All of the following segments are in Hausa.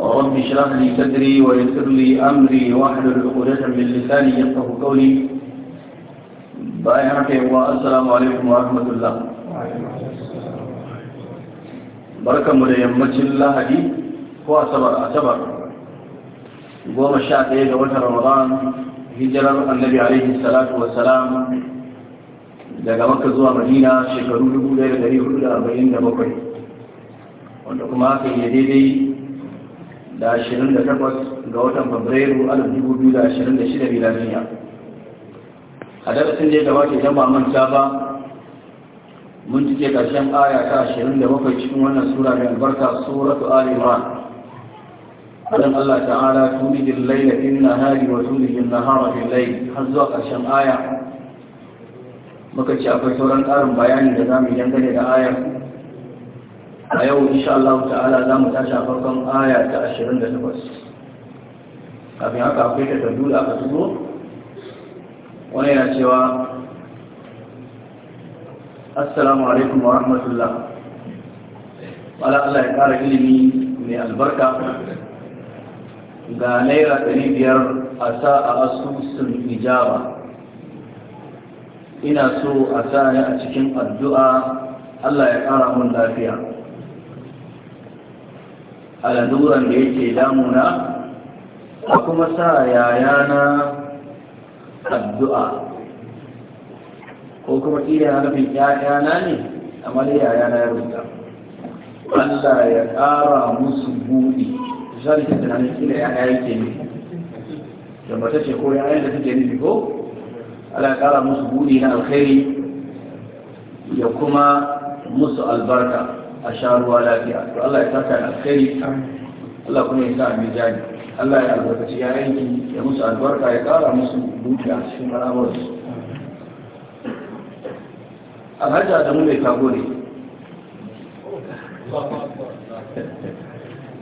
رب اشرح لي صدري ويسر لي امري واحلل عقدة من لساني يفقه قولي بايعك والسلام عليكم ورحمة الله بركة مريم مسجد الله دي هو صبر أصبر قوم الشاة إيه رمضان hijirar annabi alaihi salatu wa salam daga makka zuwa madina shekaru 1447 wanda kuma haka yi daidai da 28 ga watan fabrairu 2026 miladiya a darasin da ya gabata idan ba manta ba mun cike ƙarshen aya ta 27 cikin wannan sura mai albarka suratu ali imran Allah ta'ala Laila, layla fil nahari wa tulidil nahara fil Lai; har zuwa ƙarshen aya muka ci akwai sauran ƙarin bayani da zamu dangane da ayar a yau insha Allah ta'ala za mu tashi a farkon aya ta 28 kafin haka akwai ta tabbul aka tuzo wani yana cewa assalamu alaikum wa rahmatullah wala Allah ya kara ilimi mai albarka ga naira biyar a sa a asusun hijaba ina so a sa ni a cikin addu'a Allah ya ƙara mun lafiya alluran da yake damuna a kuma sa na addu'a ko kuma iya harfin na ne amma da yana ya rubuta Allah ya ƙara musu buɗi zai ta tunanin ƙila yaya yake ne da mata ce ko yayan da take nufi ko Allah ya ƙara musu buɗi na alkhairi ya kuma musu albarka a sha ruwa lafiya to Allah ya saka da alkhairi Allah kuma ya sa a mijani Allah ya albarkaci ya yanki ya musu albarka ya kara musu dukiya cikin al'amuransu alhaji adamu mai kago ne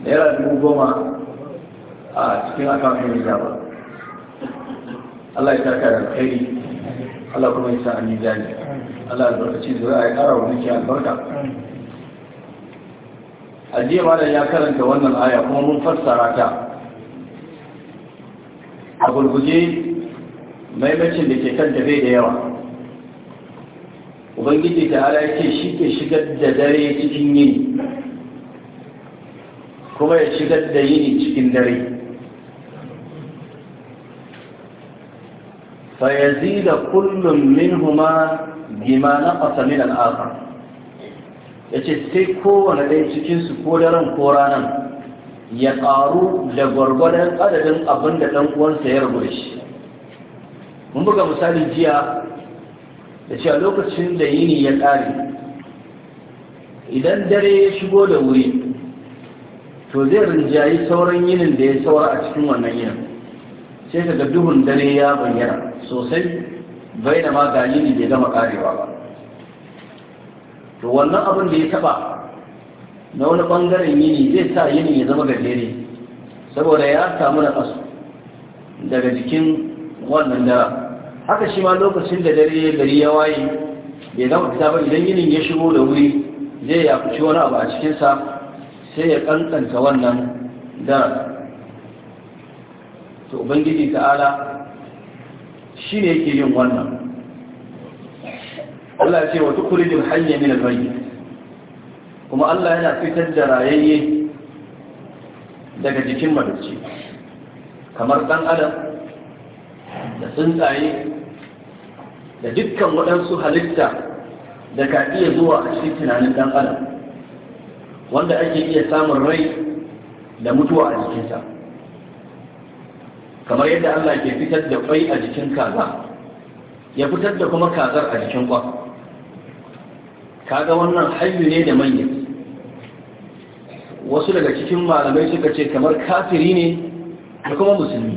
naira dubu goma a cikin akawun ya ba Allah ya saka da alkhairi Allah kuma ya sa a mijani Allah ya albarkaci zuwa ya kara wa dukiya albarka ajiye malam ya karanta wannan aya kuma mun fassara ta a gurguje maimacin da ke kan da bai da yawa ubangiji ta ala ya ce shi ke shigar da dare cikin yini kuma ya shigar da yini cikin dare kullum minhuma منهما بما نقص من الآخر ya ce sai kowane ɗaya cikinsu ko daren ko ranar ya ƙaru da gwargwadon adadin abin da ɗan uwansa ya rabu da shi mun buga misali jiya da cewa lokacin da yini ya ƙare idan dare ya shigo da wuri to zai rinjayi sauran yinin da ya saura a cikin wannan yin sai daga duhun dare ya bayyana sosai bai da ma ga yini bai gama ƙarewa ba to wannan abin da ya taba na wani bangaren yini zai sa yini ya zama gajere saboda ya samu na kasu daga jikin wannan da haka shi ma lokacin da dare gari ya waye bai zama fita ba idan yini ya shigo da wuri zai ya fici wani abu a cikinsa sai ya kankanta wannan da to ubangiji ta'ala shi ne yake yin wannan Allah ya ce wa tukhrijul hanya min al-mayyit kuma Allah yana fitar da rayayye daga jikin madauci kamar dan adam da tsuntsaye da dukkan waɗansu halitta da ka iya zuwa a cikin tunanin dan adam wanda ake iya samun rai da mutuwa a jikinsa kamar yadda Allah ke fitar da kwai a jikin kaza ya fitar da kuma kazar a jikin kwa kaga wannan hayyu ne da manya wasu daga cikin malamai suka ce kamar kafiri ne da kuma musulmi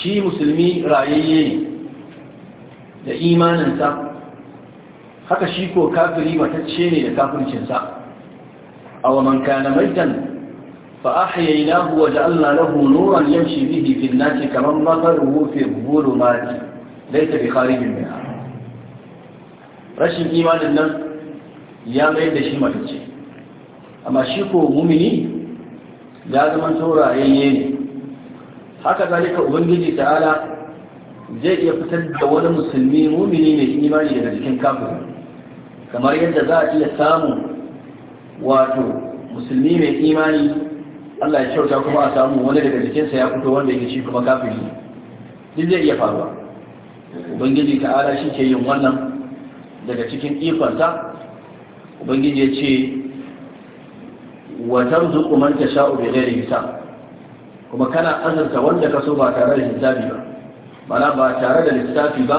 shi musulmi rayayye ne da imaninsa haka shi ko kafiri matacce ne da kafircinsa a wa man kana maitan fa ahyaynahu wa ja'alna lahu nuran yamshi bihi fil nasi kaman mathaluhu fi dhulumati laysa bi kharijin minha rashin imanin nan ya mayar da shi matacce amma shi ko mumini ya zama taurayenye ne haka zalika ubangiji ta'ala zai iya fitar da wani musulmi mumini mai imani daga jikin kafin kamar yadda za a iya samun wato musulmi mai imani Allah ya kyauta kuma a samu wani daga jikinsa ya fito wanda yake shi kuma kafin duk zai iya faruwa ubangiji ta'ala shi ke yin wannan daga cikin ikonta ubangiji ya ce wa ta man ube zai hisab kuma kana azurta wanda ka so ba tare da hisabi ba mana ba tare da lissafi ba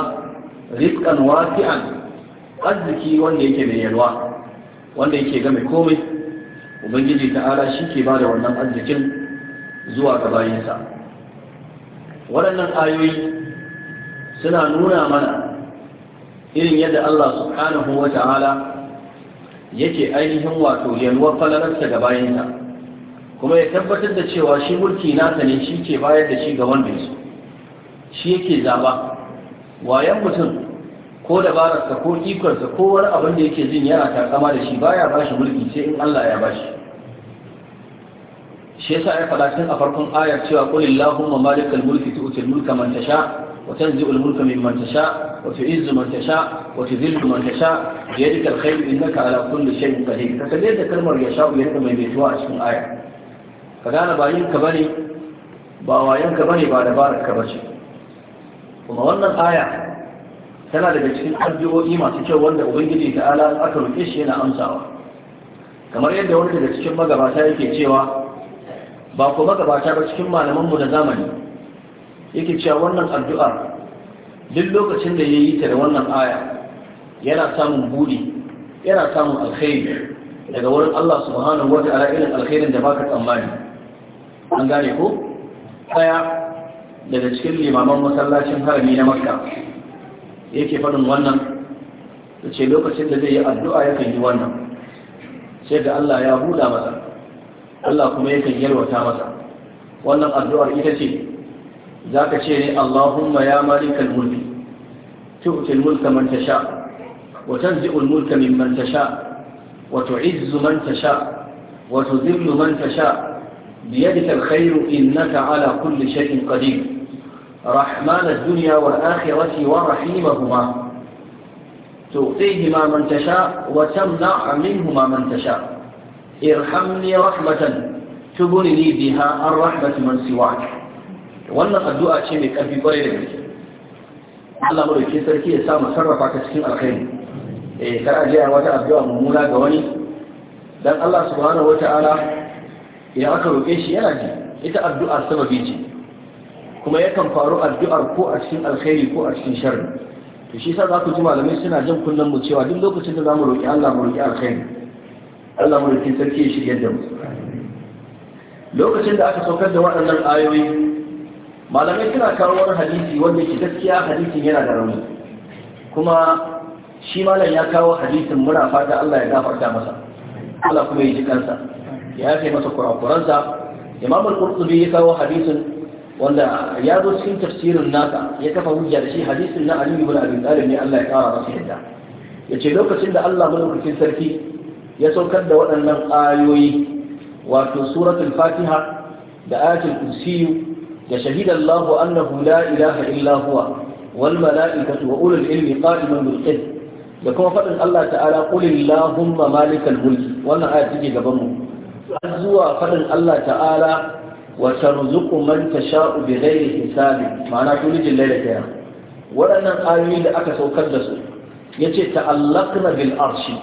rizqan wasi'an arziki wanda yake mai yalwa wanda yake ga mai komai ubangiji ta'ala shi ke ba da wannan arzikin zuwa ga bayinsa waɗannan ayoyi suna nuna mana irin yadda Allah subhanahu wa ta'ala yake ainihin wato yalwar falalarsa ga bayanta, kuma ya tabbatar da cewa shi mulki nasa ne shi ke bayar da shi ga wanda su shi yake zaba wayan mutum ko dabararsa ko ikonsa ko wani abin da yake jin yana takama da shi baya ba shi mulki sai in Allah ya ba shi shi yasa ya faɗa tun a farkon ayar cewa qul illahumma malikal mulki tu'til mulka man tasha wa tanzi'ul mulka mimman tasha wa tu'izzu man tasha wa tudhillu man tasha bi yadika alkhayr innaka ala kulli shay'in qadir ka kalle da kalmar yasha ya rika mai metuwa a cikin ayar. ka gane ba yin ka bane ba wayan ka bane ba dabarar ka bace kuma wannan aya tana daga cikin addu'o'i masu kyau wanda ubangiji ta'ala aka roƙe shi yana amsawa kamar yadda wani daga cikin magabata yake cewa ba ko magabata ba cikin malamanmu na zamani yake cewa wannan addu'ar duk lokacin da ya yi ta da wannan aya yana samun buɗe yana samun alkhairi daga wurin Allah subhanahu wa ta'ala irin alkhairin da baka tsammani an gane ko daya daga cikin limaman masallacin harami na makka yake faɗin wannan da ce lokacin da zai yi addu'a ya yi wannan sai da Allah ya huda masa Allah kuma yakan yalwata masa wannan addu'ar ita ce zaka ce ne Allahumma ya malikal mulki tu'ti al-mulka man tasha wa tanzi'u al-mulka mimman tasha wa tu'izzu man tasha wa tudhillu man tasha biyadika al-khayru innaka ala kulli shay'in qadir رحمن الدنيا والآخرة ورحيمهما تعطيهما من تشاء وتمنع منهما من تشاء irhamni rahmatan tubuni biha an rahmatu man siwak wannan addu'a ce mai karfi kwarai da gaske Allah madauki sarki ya samu sarrafa ka cikin alkhairi eh kar a je a wata addu'a mummuna ga wani dan Allah subhanahu wataala ya aka roke shi yana ji ita addu'a sababi ce kuma yakan faru addu'ar ko a cikin alkhairi ko a cikin sharri to shi yasa za ku ji malamai suna jin kunnen mu cewa duk lokacin da zamu roki Allah mu roki alkhairi Allah mulki sarki ya shirye da mu lokacin da aka saukar da waɗannan ayoyi malamai suna kawo wani hadisi wanda ke gaskiya hadisin yana da rauni kuma shi malam ya kawo hadisin muna fata Allah ya gafarta masa Allah kuma ya ji kansa ya yafe masa kurakuransa Imam al-Qurtubi ya kawo hadisin wanda ya zo cikin tafsirin nasa ya kafa hujja da shi hadisin na Ali ibn Abi Talib ne Allah ya kara masa yadda yace lokacin da Allah mulkin sarki ya saukar da waɗannan ayoyi wato suratul fatiha da ayatul kursiyu da shahida Allahu annahu la ilaha illa huwa wal mala'ikatu wa ulul ilmi qa'iman bil qist da kuma faɗin Allah ta'ala qul illahumma malikal mulki wannan aya take gaban mu har zuwa faɗin Allah ta'ala wa tarzuqu man tasha'u bighairi hisabi ma'ana tulijin da kiyam waɗannan ayoyi da aka saukar da su yace ta'allaqna bil arshi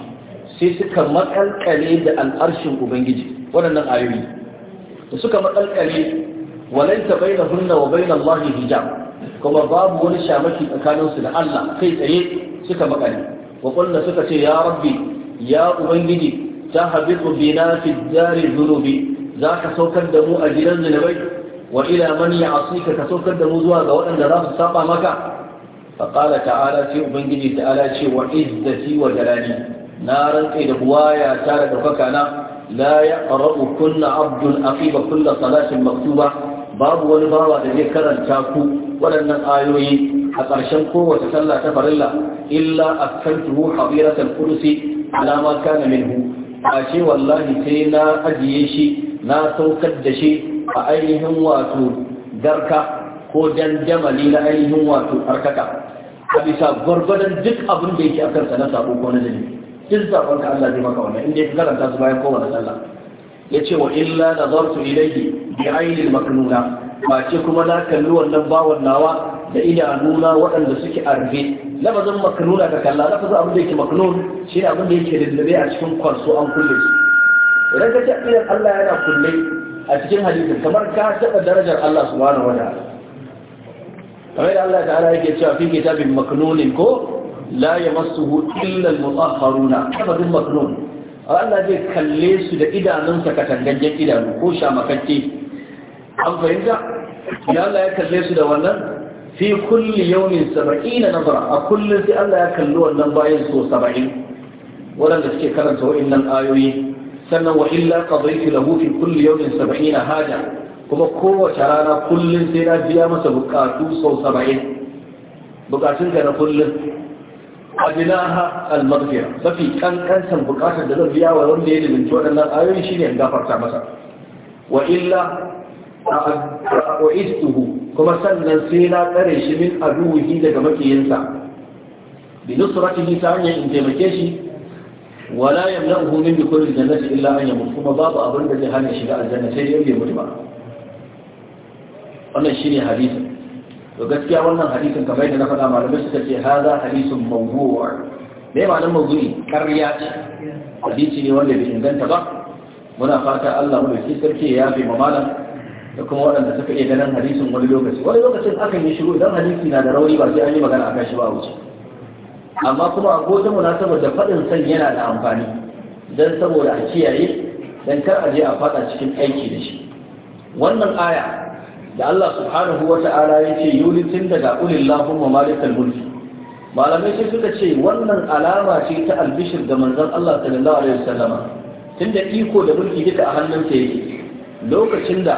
sai suka makalkale da al'arshin ubangiji waɗannan ayoyi da suka makalkale walaita baina hunna wa bainar Allah hijab kuma babu wani shamaki tsakaninsu da Allah kai tsaye suka makale wa qulna suka ce ya rabbi ya ubangiji ta habi bina fi zunubi? Za zaka saukar da mu a gidan zunubai wa ila man ya'sika ka saukar da mu zuwa ga waɗanda za su saba maka فقال تعالى في أبنجي تعالى شيء وعزتي وجلالي na rantse da buwaya ta da ɗaukaka na la ya ƙara'u kunna abdul aqiba kulla salatin maktuba babu wani bawa da zai karanta ku waɗannan ayoyi a karshen kowace sallah ta farilla illa askantuhu habiratul kursi ma kana minhu a ce wallahi sai na ajiye shi na saukar da shi a ainihin wato garka ko dandamali na ainihin wato arkaka a bisa gwargwadon duk abin da yake a kansa na sabo ko na dalili duk zaɓen ka Allah zai maka wannan inda ya karanta su bayan kowane sallah ya ce wa illa da zartu ilaihi bi ainihin maknuna ba ce kuma na kalli wannan bawan nawa da idanuna waɗanda suke arbe lafazin maknuna ka kalla lafazin abin da yake maknun shi ne abin da yake rindabe a cikin kwarso an kulle su idan ka ce idan Allah yana kulle a cikin hadisin kamar ka taɓa darajar Allah subhanahu wa ta'ala kamar da Allah ta'ala yake cewa fi kitabin maknunin ko la masu illa al-mutahharuna kafadun maknun Allah zai kalle su da idanunsa katangangen idanu ko shamakakke an fahimta ya Allah ya kalle su da wannan fi kulli yawmin 70 nazara a kullum sai Allah ya kalli wannan bayan so 70 waɗanda suke karanta wa'annan ayoyi sannan wa illa qadaytu lahu fi kulli yawmin 70 haja kuma kowace rana kullum sai na biya masa bukatu sau 70 bukatun ka na kullum. adinaha al-maghfira mafi kankansan bukatar da zan biya wa wanda ya liminci waɗannan ayoyin shi ne in gafarta masa wa illa a a'uistuhu kuma sannan sai na tsare shi min aduhi daga makiyinsa bi nusratihi ta hanyar in taimake shi wala yamna'uhu min dukhulil jannati illa an yamut kuma babu abin da zai hana shiga aljanna sai dai bai mutu ba wannan ne hadisin to gaskiya wannan hadisin kamar yadda na faɗa malamai suka ce haza hadisin mawdu'a me ma'anar mawdu'i ƙarya ce hadisi ne wanda bai inganta ba muna fata Allah mu dauki sarki ya fi mamalan da kuma waɗanda suka iya ganin hadisin wani lokaci wani lokacin akan yi shiru idan hadisi na da rauni ba sai an yi magana akan shi ba a wuce amma kuma a na munasabar da faɗin san yana da amfani don saboda a kiyaye don kar a je a faɗa cikin aiki da shi wannan aya da Allah subhanahu wa ta'ala ya ce yulitin daga ulillahun wa malikal mulki malamai sai suka ce wannan alama ce ta albishir da manzon Allah sallallahu alaihi wasallama tunda iko da mulki duka a hannun ta yake lokacin da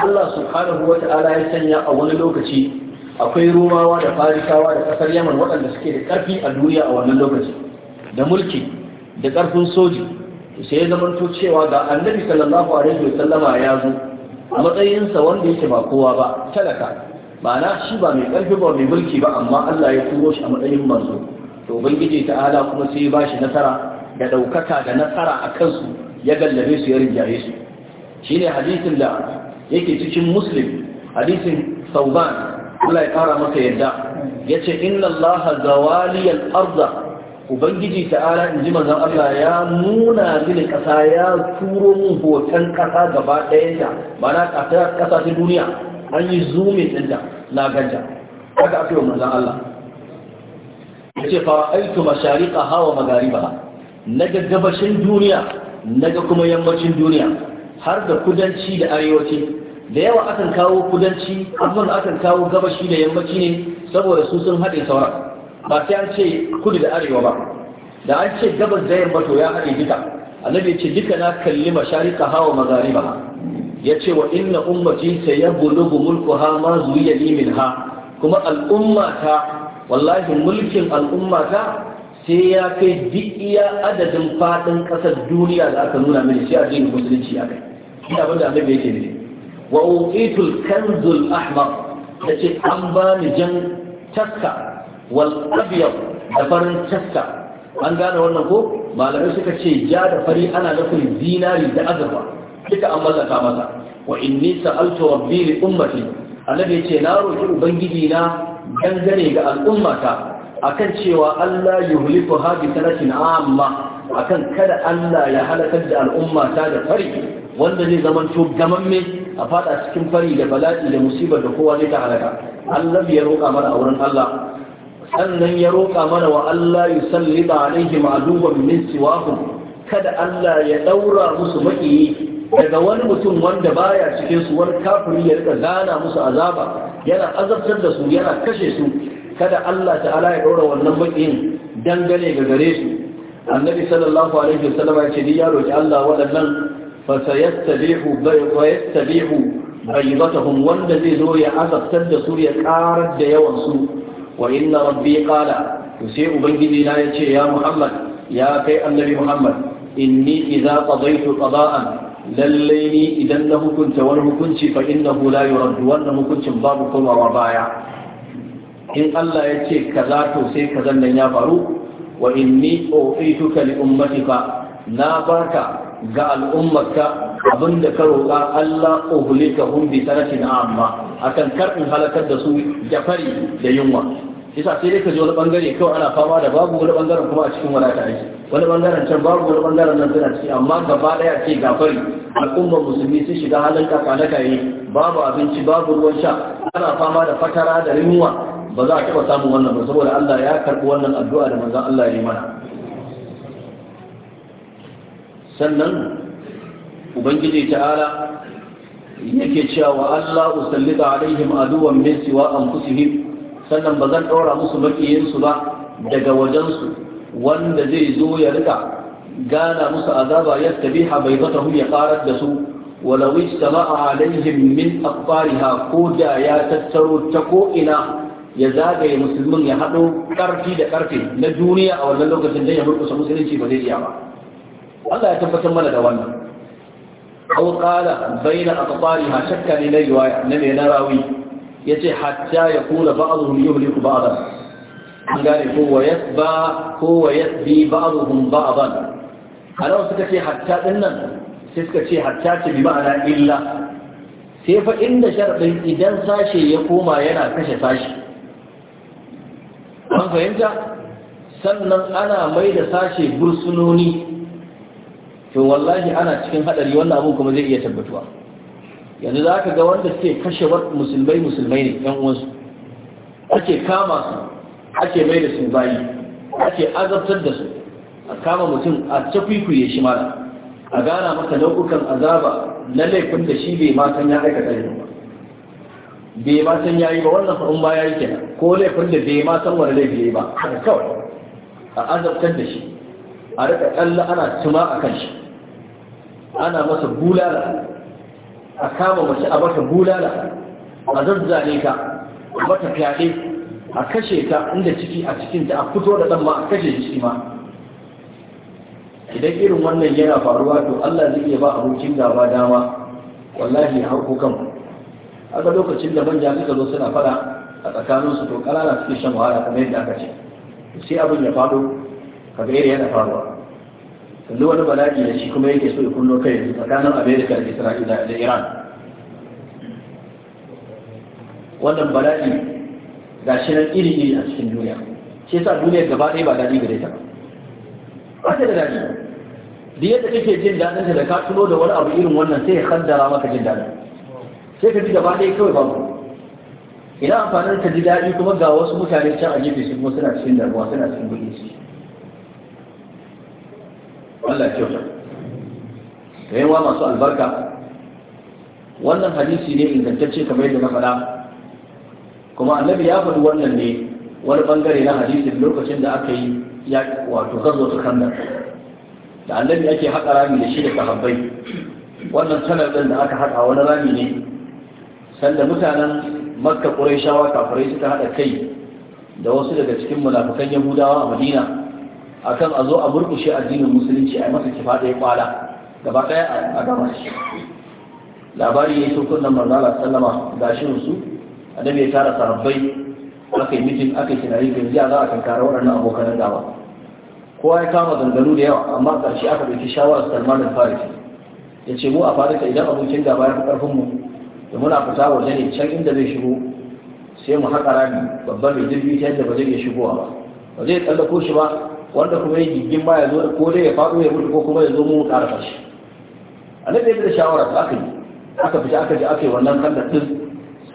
Allah subhanahu wa ta'ala ya sanya a wani lokaci akwai romawa da farisawa da kasar yaman waɗanda suke da ƙarfi a duniya a wannan lokaci da mulki da ƙarfin soji sai ya zamanto cewa ga annabi sallallahu alaihi wasallama ya zo a matsayinsa wanda yake ba kowa ba talaka ma'ana shi ba mai ƙarfi ba mai mulki ba amma Allah ya turo shi a matsayin manzo to ubangiji ta'ala kuma sai ya bashi nasara da ɗaukaka da nasara a kansu ya gallabe su ya rinjaye su shine hadisin da yake cikin muslim hadisin sauban Allah ya kara masa yadda yace inna Allah zawaliyal arda ubangiji ta'ala in ji manzon Allah ya nuna mini kasa ya turo min hoton kasa gaba ɗaya ta mana kasa kasa ta duniya an yi zume ɗinta na ganta haka aka wa manzon Allah Ya ce fa aitu mashariqa hawa magariba ga gabashin duniya na ga kuma yammacin duniya har da kudanci da arewaci da yawa akan kawo kudanci abin akan kawo gabashi da yammaci ne saboda su sun haɗe sauran ba sai an ce kudu da arewa ba da an ce gabas da yamma to ya haɗe duka annabi ya ce duka na kalli masharika hawa magariba ya ce wa inna ummati mulku mulkuha ma zuwiya limin ha? kuma al'ummata wallahi mulkin al'ummata sai ya kai duk iya adadin fadin kasar duniya da aka nuna mini sai addinin musulunci a kai ina abin da annabi yake ne wa uqitul kanzul ahmar ce an ba ni jan taska wal da farin cakka an gane wannan ko malamai suka ce ja da fari ana nufin zinari da azurfa duka an mallaka masa wa inni sa'altu rabbi li ummati annabi ya ce na roki ubangiji na dangane ga al'ummata akan cewa Allah yuhliku hadi sanatin amma akan kada Allah ya halakar da al'ummata da fari wanda zai zamanto gamamme a fada cikin fari da bala'i da musibar da kowa zai ta halaka Allah ya roka mana a wurin Allah sannan ya roƙa mana wa Allah ya sallita alaihi ma'aduban min siwakum kada Allah ya ɗaura musu maƙiyi daga wani mutum wanda baya cikin su wani kafiri ya rika gana musu azaba yana azabtar da su yana kashe su kada Allah ta'ala ya ɗaura wannan maƙiyin dangane ga gare su annabi sallallahu alaihi wasallam ya ce ni ya roki Allah waɗannan fa sayastabihu bayyatahu bayyatahum wanda zai zo ya azabtar da su ya ƙarar da yawan su wa inna rabbi qala to sai ubangiji na ya ce ya muhammad ya kai annabi muhammad inni idza qadaytu qada'an lallai ni idan na hukunta wani hukunci fa innahu la yuraddu wannan hukuncin babu komawa baya in Allah ya ce kaza to sai kaza nan ya faru wa inni u'ituka li ummatika na baka ga al'ummarka abinda ka roƙa Allah ka hum bi sanatin amma akan kar in halakar da su jafari da yunwa isa sai dai ka ji wani bangare kawai ana fama da babu wani bangaren kuma a cikin wadata ake wani bangaren can babu wani bangaren nan tana ciki amma gaba daya ce gafari al'ummar musulmi sun shiga halin kaka na kayi babu abinci babu ruwan sha ana fama da fatara da rimuwa ba za a taɓa samun wannan ba saboda Allah ya karɓi wannan addu'a da manza, Allah ya yi mana sannan ubangiji ta'ala yake cewa Allah usallita alaihim aduwan min siwa anfusihim sannan ba zan ɗora musu maƙiyinsu ba daga wajensu wanda zai zo ya rika gana musu azaba ya tabiha bai zata ya karar da su walawi a alaihim min akfariha ko da ya tattaro ta ko'ina ya zagaye musulmin ya haɗo ƙarfi da ƙarfe na duniya a wannan lokacin don ya murkusa musulunci ba zai iya ba Allah ya tabbatar mana da wannan aw qala bayna aqfariha shakka ne na riwaya na na rawi yace hatta ya kula ba'dhum yuhliku ba'dan an gane ko wa yasba ko wa yasbi ba'dhum ba'dan halau suka ce hatta din nan sai suka ce hatta ce bi ma'ana illa sai fa inda sharadin idan sashe ya koma yana kashe sashi an fahimta sannan ana mai da sashe bursunoni to wallahi ana cikin hadari wannan abu kuma zai iya tabbatuwa yanzu za ka ga wanda suke kashe musulmai musulmai ne yan uwansu ake kama su ake mai da su bayi ake azabtar da su a kama mutum a cakwikwiye shi mara a gana maka nau'ukan azaba na laifin da shi bai matan ya aikata yi ba bai matan ya yi ba wannan fa'un ba ya yi kenan ko laifin da bai matan wani laifi ba haka kawai a azabtar da shi a rika kalla ana tuma a kan shi ana masa bulala a kama mace a mata bulala a zazzane ka a mata fyaɗe a kashe ta inda ciki a cikin ta a fito da ɗan ma a kashe ciki ma idan irin wannan yana faruwa to Allah zai iya ba abokin gaba dama wallahi ya ko kan ga lokacin da manja suka zo suna fada a tsakaninsu, to ƙanana suke shan wahala kamar yadda aka ce sai abin ya faɗo kaga yana faruwa yanzu wani bala'i da shi kuma yake so ya kunno kai yanzu tsakanin amerika da isra'ila da iran wannan bala'i ga shi nan iri iri a cikin duniya shi yasa duniya gaba ɗaya ba daɗi gare ta ba ta da daɗi da yadda kake jin daɗin da ka tuno da wani abu irin wannan sai ya kaddara maka jin daɗin sai ka ji gaba ɗaya kawai babu ina amfanin ka ji daɗi kuma ga wasu mutane can a gefe su kuma suna cikin damuwa suna cikin buɗe Allah kyauta da yawa masu albarka wannan hadisi ne ingantacce kamar yadda na faɗa kuma annabi ya faɗi wannan ne wani bangare na hadisi lokacin da aka yi ya wato gazo su kanna da annabi ake haɗa rami da shi da sahabbai wannan sanar ɗin da aka haɗa wani rami ne sanda mutanen makka shawa kafirai suka haɗa kai da wasu daga cikin munafukan yahudawa a madina akan a zo a burkushe addinin musulunci a masa kifa ɗaya kwala gaba ɗaya a gama shi labari ya so kunnan manzala sallama ga shi su annabi ya tara sarabbai aka yi mijin aka yi tunani da ya za a kankara waɗannan abokan dawa kowa ya kama dangano da yawa amma ƙarshe aka ɗauki shawarar salmanin faris ya ce mu a faris idan abokin gaba ya fi ƙarfin mu da muna fita waje ne can inda zai shigo sai mu haƙa rami babban mai jirgi ta yadda ba zai iya shigowa ba ba zai tsallako shi ba wanda kuma ya gigin ba ya zo da kodai ya faɗo ya mutu ko kuma ya zo mu ƙara fashi a ne da shawara ta aka yi aka fita aka je aka yi wannan kallon din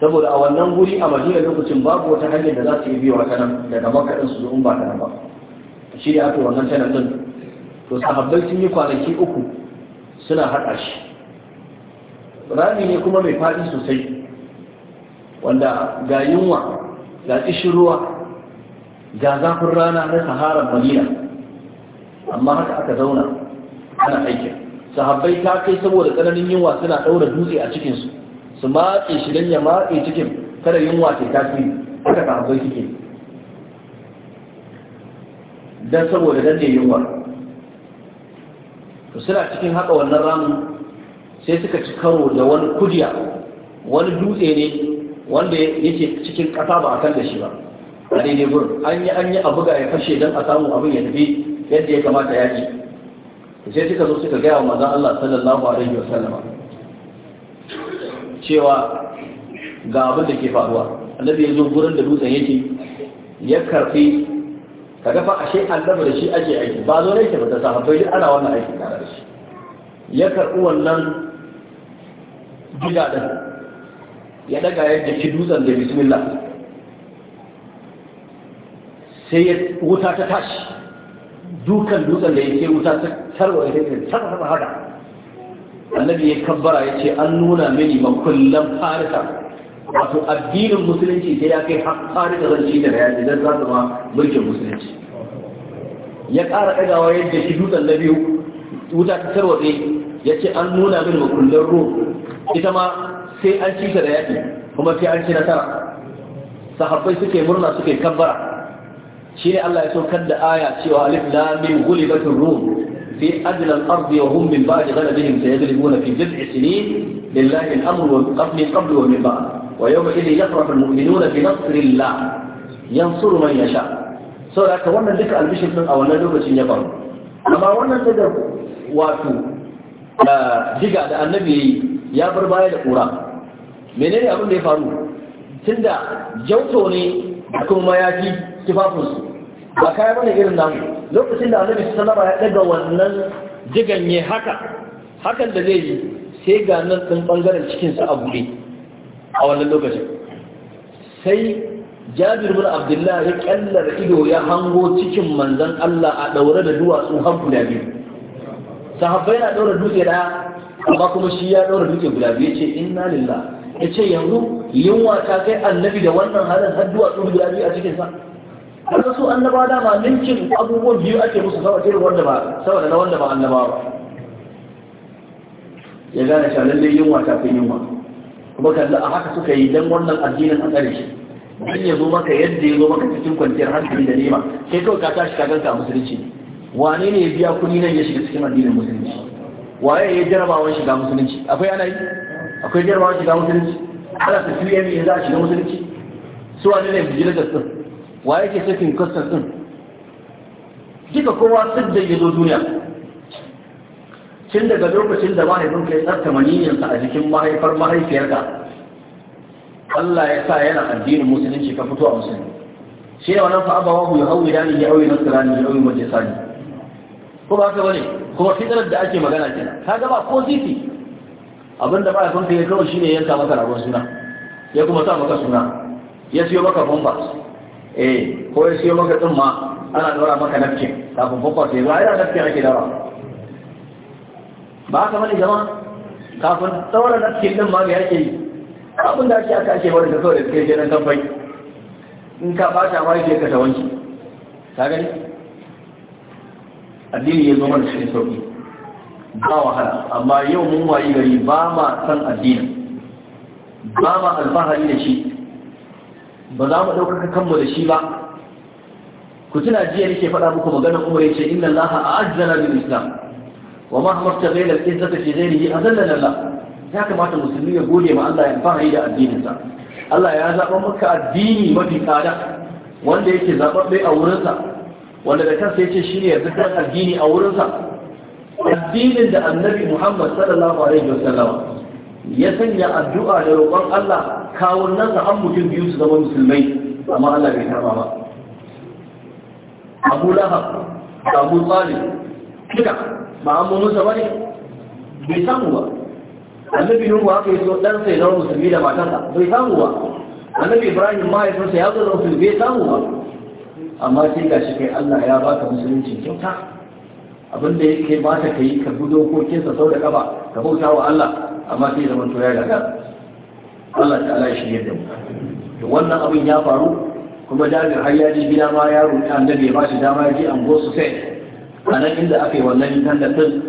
saboda a wannan guri a majiya lokacin babu wata hanyar da za su yi biyo a kanan daga makaɗin su in ba kanan ba shi da aka wannan tana din to sahabbai sun yi kwanaki uku suna haɗa shi rami ne kuma mai faɗi sosai wanda ga yunwa ga ƙishin ruwa ga zafin rana na saharar madina amma haka aka zauna ana Su sahabbai ta kai saboda tsananin yunwa suna ɗaura dutse a cikinsu su matse shi don ya matse cikin kada yunwa ke tasiri haka sahabbai kike? don saboda danne yunwa to suna cikin haka wannan ramin sai suka ci karo da wani kudiya wani dutse ne wanda yake cikin ƙasa ba a kan da shi ba a daidai gurin an yi an yi a buga ya fashe don a samu abin ya tafi yadda ya kamata ya ki sai suka zo suka gaya wa maza Allah sallallahu alaihi wa sallama cewa ga abin da ke faruwa annabi ya zo gurin da dutsen yake ya karfi kaga fa ashe annabi da shi ake aiki ba zo ne ke ba ta sahabbai duk ana wannan aiki tare da shi ya karɓi wannan gida din ya daga yadda ki dutsen da bismillah sai wuta ta tashi dukan dutsen da yake wuta ta tarwa ya ce tarwa hada annabi ya kabbara ya ce an nuna mini makullan farisa wato addinin musulunci sai ya kai farisa zan ci da bayani dan za ma mulkin musulunci ya ƙara ɗagawa yadda shi dutsen na biyu wuta ta tarwa ya ce an nuna mini makullan ruwa ita ma sai an ci da yaƙi kuma sai an ci nasara sahabbai suke murna suke kabbara Shi ne Allah ya saukar da aya cewa alif lam mim ghulibatur rum fi adla al-ard wa hum min ba'd ghalabihim sayadribuna fi jiz'i sinin lillahi al-amru wa qabli qabl wa min ba'd wa yawma idhin yafrahu al-mu'minuna bi nasrillah yansuru man yasha saboda ka wannan duka albishir din a wannan lokacin ya faru amma wannan da wato diga da annabi ya bar baya da kura menene abin da ya faru tunda jauto ne da kuma mayafi tufafinsu ba kaya mana irin namu lokacin da annabi sallama ya daga wannan jiganye haka hakan da zai yi sai ga nan ɗin ɓangaren cikinsa a buɗe a wannan lokacin sai jabir bin Abdullahi ya ƙallar ido ya hango cikin manzan Allah a ɗaure da duwatsu har guda biyu sahabbai na ɗaure dutse ɗaya, amma kuma shi ya ɗaure dutse guda biyu ce inna lillah ya ce yanzu yunwa ta kai annabi da wannan halin har duwatsu guda biyu a cikinsa kaga su annaba dama ninkin abubuwan biyu ake musu saboda irin wanda ba saboda na wanda ba annaba ba ya gane cewa lalle yunwa ta kai yunwa kuma kalli a haka suka yi dan wannan addinin a tsare shi dan ya zo maka yadda ya zo maka cikin kwanciyar hankali da nema sai kawai ka tashi ka ganka musulunci wane ne ya biya kuɗi nan ya shiga cikin addinin musulunci waye ya jarabawan shiga musulunci akwai ana yi akwai jarabawa shiga musulunci ana tafiya ne za a shiga musulunci su wani ne vigilantar sun wa yake sakin kwastar sun duka kowa sun da ya zo duniya cin daga lokacin da ka yi tsarta maniyyarsa a jikin mahaifar mahaifiyarka Allah ya sa yana addinin musulunci ka fito a musulunci. shi ne wannan fa'aba wa ya hauwi dani ya nasu rani ya hauwi ne? ko ba ka bane kuma fitarar da ake magana kenan ka gaba ko zifi abinda ba ya fanka ya kawai ya yanka maka rabon suna ya kuma sa maka suna ya siyo maka fanfa eh ko ya siyo maka tsumma ana dora maka nafke kafin fanfa sai ba ya nafke ake dawa ba haka mani zama kafin tsawon nafke din ma mai yake yi abin da ake aka ake wani da kawai da suke jiran kamfai in ka ba ta ma yake ka ta wanki ka gani addini ya zo mana cikin sauki ba wahala amma yau mun wayi gari ba ma san addini ba ma alfahari da shi ba za mu ɗaukaka kanmu da shi ba ku tuna jiya nake faɗa muku maganar umar yace inna allaha a'azzana bil islam wa ma hamarta ghayra al-izzati fi ghayrihi azallana allah ya kamata musulmi ya gode ma Allah ya fara da addininsa Allah ya zaba maka addini mafi tsada wanda yake zaɓaɓɓe a wurinsa wanda da kansa yace shi ne yarda addini a wurinsa addinin da annabi muhammad sallallahu alaihi wasallam ya sanya addu'a da roƙon allah kawon nan an mutum biyu su zama musulmai amma allah bai karɓa ba abu lahab abu tsari duka ma'amuninsa ba ne bai samu ba annabi nuhu aka yi so ɗansa ya zama musulmi da matarsa bai samu ba annabi ibrahim mahaifinsa ya zama musulmi bai samu ba amma sai ga shi kai allah ya ba baka musulunci kyauta abin da yake ta ka yi ka bi dokokinsa sau da kaba ka bauta wa Allah amma sai zaman to ya gaga Allah ta ala shi yadda mu to wannan abin ya faru kuma jabir har ya je gida ma ya roƙi annabi ya ba shi dama ya ji an go su sai a nan inda aka yi wannan tantancin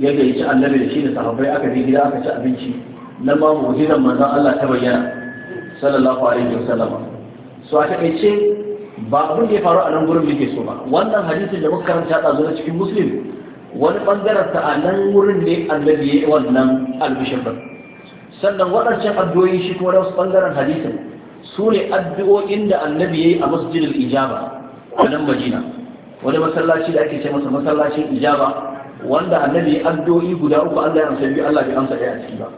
ya gayyaci annabi da shi da sahabbai aka je gida aka ci abinci nan ma mu'jizan manzon Allah ta bayyana sallallahu alaihi wasallam so a takaice ba abin da ya faru a nan gurin muke so ba wannan hadisin da muka karanta ɗazu na cikin muslim wani bangaren ta a nan wurin ne annabi ya wannan albishin ba sannan wadancan addu'o'i shi kuma wasu bangaren hadisin su ne addu'o'in da annabi ya a masjidil ijaba a nan madina wani masallaci da ake ce masa masallacin ijaba wanda annabi ya addu'o'i guda uku Allah ya amsa biyu Allah bai amsa daya a ciki ba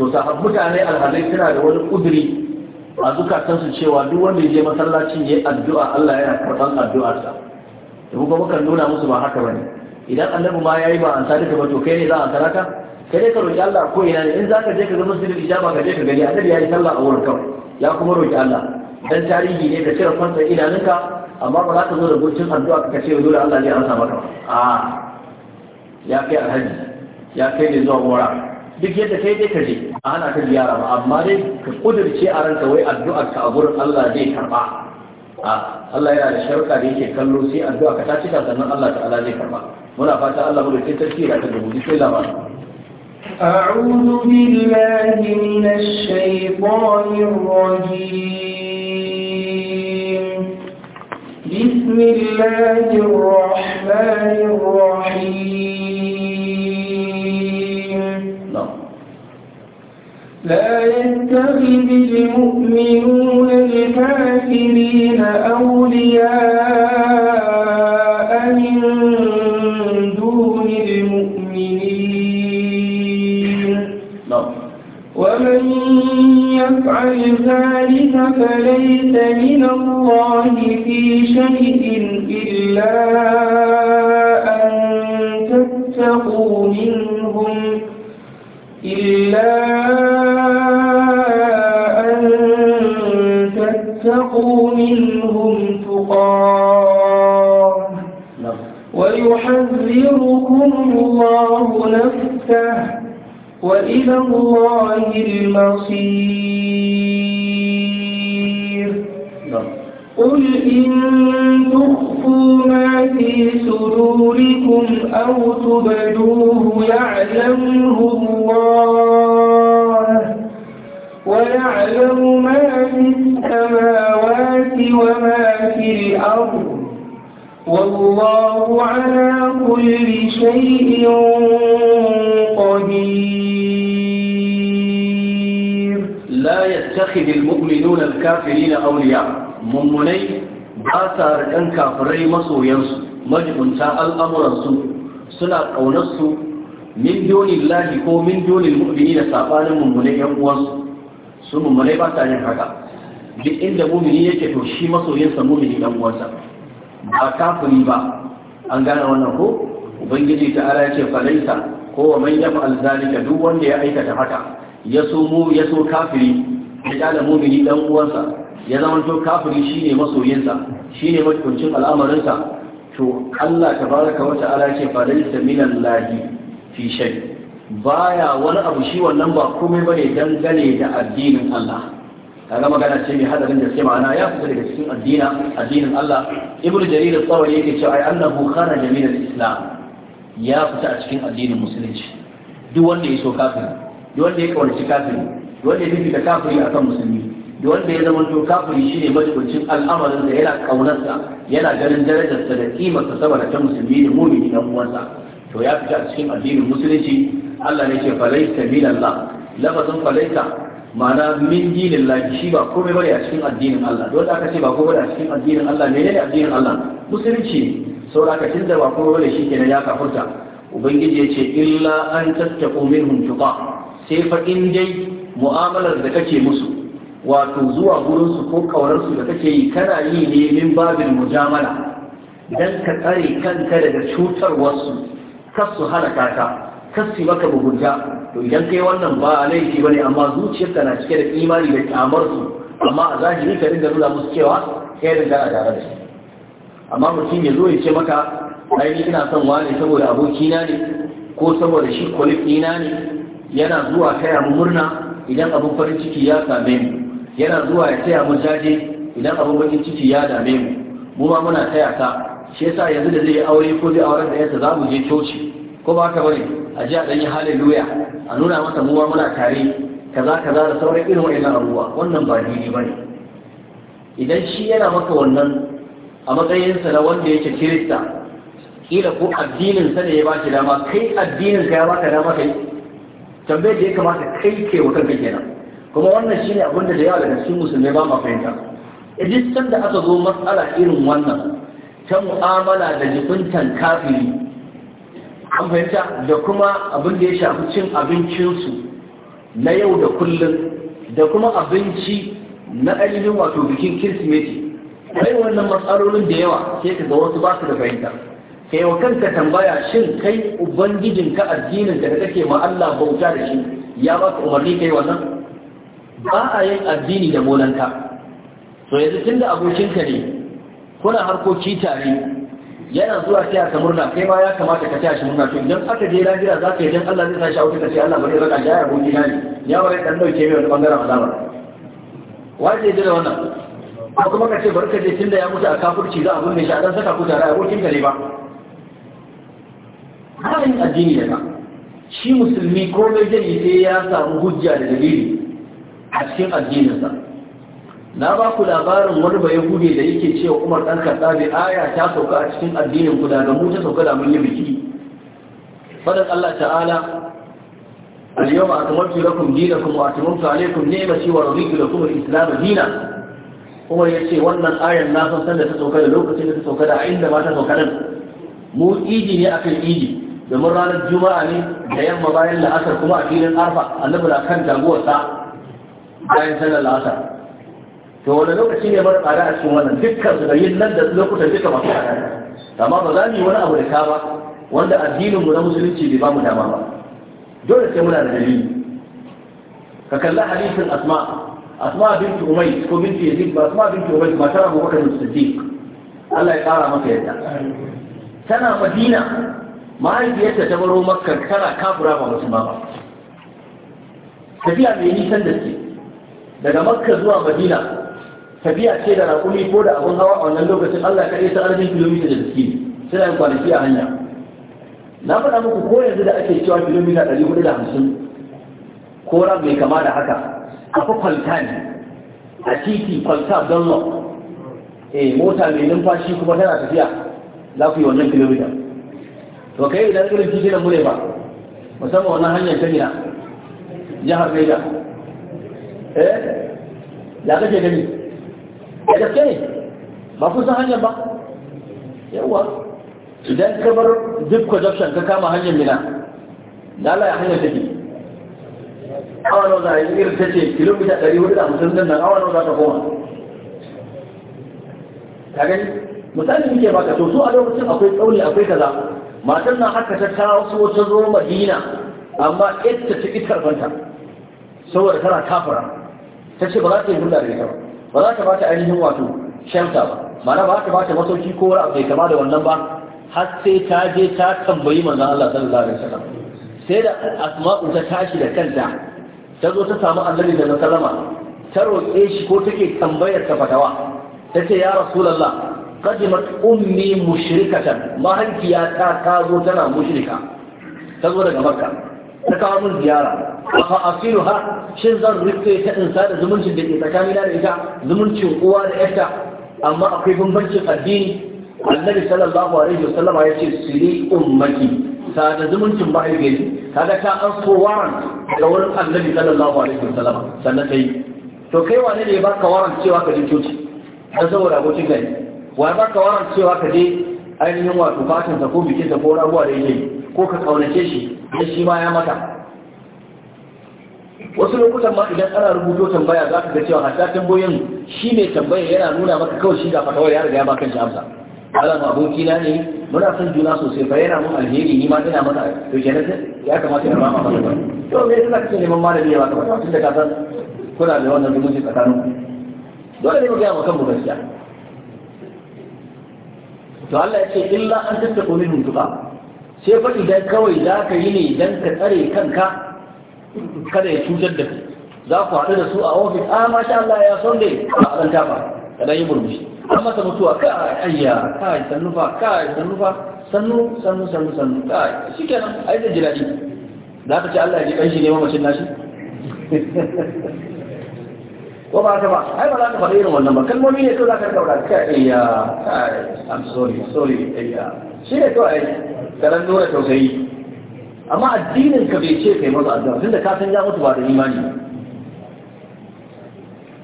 to sahabbu mutane alhazai suna da wani kudiri a zukatansu cewa duk wanda ya je masallacin ya addu'a Allah yana karɓan addu'arsa da kuma kan nuna musu ba haka bane idan annabi ma yayi ba an sadaka ba to kai ne za a saraka kai ne ka roki Allah ko ina ne in za ka je ka ga sirri ijaba ka je ka gani annabi yi sallah a wurin kawai ya kuma roki Allah dan tarihi ne ka cire fanta idanunka amma ba za ka zo da gocin addu'a ka ce dole Allah zai an maka a ya kai alhaji ya kai ne zuwa gora duk yadda kai dai ka je ana ta ziyara ba amma dai ka kudirce a ranka wai addu'ar ka a gurin Allah zai karba a Allah yana da sharuɗa da yake kallo sai addu'a ka ta cika sannan Allah ta'ala zai karba muna fata Allah mu da sai tafsira ta dubu sai labarin أعوذ بالله من الشيطان الرجيم بسم الله الرحمن الرحيم لا يتخذ المؤمنون الكافرين أولياء من دون المؤمنين نعم. ومن يفعل ذلك فليس من الله في شيء إلا أن تتقوا منهم إلا أن يرزقوا منهم تقاه نعم. ويحذركم الله نفسه وإلى الله المصير نعم. قل إن تخفوا ما في سروركم أو تبدوه يعلمه الله ويعلم ما في السماوات وما في الأرض والله على كل شيء قدير لا يتخذ المؤمنون الكافرين أولياء ممني باسار أن كافري مسو ينسو مجبنتا الأمر رسو سنة أو نسو من دون الله كو من دون المؤمنين سابانا ممني ينقوص سنة ممني باسار ينحكا duk inda mumini yake to shi masoyinsa mumini dan uwansa ba kafiri ba an gane wannan ko ubangiji ta ala yake falaisa ko wa man alzalika duk wanda ya aikata haka ya so mu ya so kafiri ya kada mumini dan uwansa ya zama to kafiri shine masoyinsa shine mutuncin al'amarinsa to Allah tabaraka wa ta'ala yake falaisa minallahi fi shay baya wani abu shi wannan ba komai bane dangane da addinin Allah kaga magana ce mai hadarin gaske ma'ana ya fita daga cikin addina addinin Allah ibn jarir al-tawri yake cewa ai annahu kharaja min al-islam ya fita a cikin addinin musulunci duk wanda ya so kafiri duk wanda ya kawarci kafiri duk wanda ya fifita kafiri akan musulmi duk wanda ya zama to kafiri shine majibincin al'amarin da yana kaunarsa yana ganin darajarsa da kimarsa saboda ta musulmi da mu'mini na uwansa to ya fita a cikin addinin musulunci Allah ne ke falaita min lafazin falaita ma'ana min dinin lafi shi ba komai bane a cikin addinin Allah dole aka ce ba komai bane a cikin addinin Allah ne ne addinin Allah musulunci sauraka tunda ba komai bane shi kenan ya kafurta ubangiji ya ce illa an tattaqu minhum tuqa sai fa in dai mu'amalar da kake musu wato zuwa gurin su ko kaurar da kake yi kana yi ne min babin mujamala dan ka tsare kanka daga cutar wasu kar halaka ka kasi maka mugunta to idan kai wannan ba laifi ba bane amma zuciyarka na cike da imani da kyamar su amma a zahiri ka rinda nuna musu cewa kai rinka a tare da shi. amma mutum ya zo ya ce maka ai ina son wani saboda abokina ne ko saboda shi kwalifina ne yana zuwa taya mu murna idan abin farin ciki ya same mu yana zuwa ya taya mu jaje idan abin farin ciki ya dame mu mu ma muna taya ta, shi yasa yanzu da zai yi aure ko zai aure da yasa za mu je coci ko ba ka bane a ji a ɗan yi haleluya a nuna masa muwa muna tare kaza kaza da sauran irin ina abubuwa wannan ba daidai ba ne idan shi yana maka wannan a matsayinsa na wanda yake kirista kila ko addininsa ne ya ba shi dama kai addinin ka ya baka dama kai tambayar da ya kamata kai ke wutar ka kenan kuma wannan shine abin da yawa daga cikin musulmai ba ma fahimta idan san da aka zo matsala irin wannan ta mu'amala da jikuntan kafiri an fahimta da kuma abin da ya shafi cin abincinsu na yau da kullum da kuma abinci na ainihin wato bikin kirsimeti kai wannan matsalolin da yawa sai ka ga wasu ba su da fahimta kai wa kanka tambaya shin kai ubangijin ka addinin da kake ma Allah bauta da shi ya ba ka umarni kai wannan ba a yin addini da molanka to yanzu tunda abokinka ne kuna harkoki tare yana zuwa sai aka murna kai ma ya kamata ka tashi murna to idan aka je lafiya za ka yi dan Allah zai sa shi a wuce ka ce Allah bari raka shi ya gogi na ne ya wani dan dauke mai wani bangaren azaba wace da wannan ko kuma ka ce bari ka je tunda ya mutu a kafurci za a bunne shi a dan saka ku tare a gokin ka ne ba halin addini da ka shi musulmi ko zai yi sai ya samu hujja da dalili a cikin addininsa na ba ku labarin wani bai hude da yake cewa umar ɗan kaɗa aya ta sauka a cikin addinin ku da mu ta sauka da mun yi biki fadar Allah ta'ala al-yawma akmaltu lakum dinakum wa atmamtu alaykum ni'mati wa raditu lakum al-islam dina. umar yace wannan 'ayan na san sanda ta sauka da lokacin da ta sauka da inda ma ta sauka nan mu idi ne akan iji, domin ranar juma'a ne da yamma bayan la'asar kuma a filin arfa annabi na kan jagowarsa bayan sallar la'asar to wani lokaci ne mara tsada a cikin wannan dukkan su da yin nan da lokutan duka masu tsada amma ba za mu yi wani abu da ka ba wanda addinin mu na musulunci bai ba mu dama ba dole sai muna da dalili ka kalla hadisin asma asma binti umay ko binti yazid ba asma binti umay ba tana mu bakar siddiq Allah ya kara maka yadda tana madina mahaifiyarta ta baro makka tana kafura ba musulma ba tafiya mai nisan da ke daga makka zuwa madina tafiya ce da raƙumi ko da abun hawa a wannan lokacin Allah kaɗai ta arzikin kilomita da suke sai da kwanaki a hanya na faɗa muku ko yanzu da ake cewa kilomita ɗari hudu da hamsin ko ran mai kama da haka akwai kwalta ne a titi kwalta don lo E eh, mota mai numfashi kuma tana tafiya za ku yi wannan kilomita to kai idan irin titi da mure ba musamman wannan hanyar ta gina jihar Niger eh ya kake gani da gaske ne ba kun hanyar ba yawa idan ka bar duk kwajabshan ka kama hanyar mina da ya hanyar take awa nau za a yi irin ta ce kilomita 450 din nan awa nau za ta koma ta gani misali muke baka to su a lokacin akwai tsauni akwai kaza matan nan haka ta kawo su wata zo madina amma ita ta ƙi karfanta saboda tana kafara ta ce ba za ta yi hulɗa da ita ba ba za ka ba ta ainihin wato shanta ba mana ba ka ba ta masauki ko wani abu kama da wannan ba har sai ta je ta tambayi manzon Allah sallallahu alaihi wasallam sai da asma'u ta tashi da kanta ta zo ta samu annabi da sallama ta roƙe shi ko take tambayar ta fatawa ta ce ya rasulullah qadimat ummi mushrikatan mahaifiya ta ta zo tana mushrika ta zo daga makka ta kawo min ziyara a filu ha shi zan rike ta in sada zumuncin da ke tsakanina da ita zumuncin uwa da yarta amma akwai bambancin addini annabi sallallahu alaihi wa sallama ya ce siri ummaki sada zumuncin mahaifiyarki kaga ta an so waran da wurin annabi sallallahu alaihi sallama sannan ta yi to kai wane ne ya baka waran cewa ka je coci dan saboda abokin gari wa baka waran cewa ka je ainihin wato fatin ta ko bikin ta ko rabuwa da yake ko ka kaunace shi ya shi ma ya mata wasu lokutan ma idan ana rubuto tambaya za ka ga cewa hatta tambayoyin shi ne tambaya yana nuna maka kawai shi ga fatawar ya riga ya baka shi amsa alam aboki na ne muna son juna sosai fa yana mun alheri ni ma ina maka to kenan ya kamata ya ma maka to me yasa kake neman malami ya baka fatawa tunda ka san kuna da wannan zumunci tsakaninku? dole ne mu ga maka mu gaskiya to Allah ya ce illa an tattaqu min tuqa sai faɗi dai kawai za ka yi ne idan ka tsare kanka kada ya cutar da ku. za ku haɗu da su a ofis a ah, mashi Allah ya son dai a ɗan tafa kada yi burmushi an masa mutuwa ka ayya ka yi fa, ka yi fa. sannu sannu sannu sannu ka yi shi kenan a yi da jiraɗi za ka ce Allah ya ji shi ne mamacin nashi ko ba ka ba ai ba za ka faɗi irin wannan ba kalmomi ne to za ka kaura ka ayya ka I'm sorry sorry ayya shi ne to ai karan nuna tausayi amma addinin ka bai ce kai masa addu'a tunda ka san ya mutu ba da imani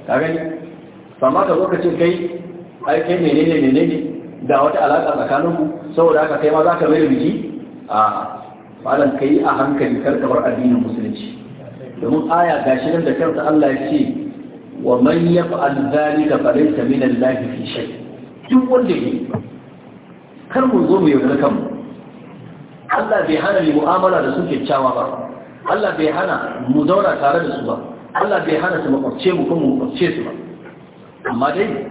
ka gani amma ka zo ka ce kai ai kai menene menene da wata alaka tsakanin ku saboda haka kai ma za ka mai biki a malam kai a hankali kar ka bar addinin musulunci domin aya gashi nan da kansa Allah ya ce wa man yaf'al zalika laysa min Allah fi shay duk wanda yake kar mu zo mu yaudar kanmu Allah bai hana mu mu'amala da su kyakkyawa ba Allah bai hana mu zauna tare da su ba Allah bai hana su makwabce mu kuma makwabce su ba amma dai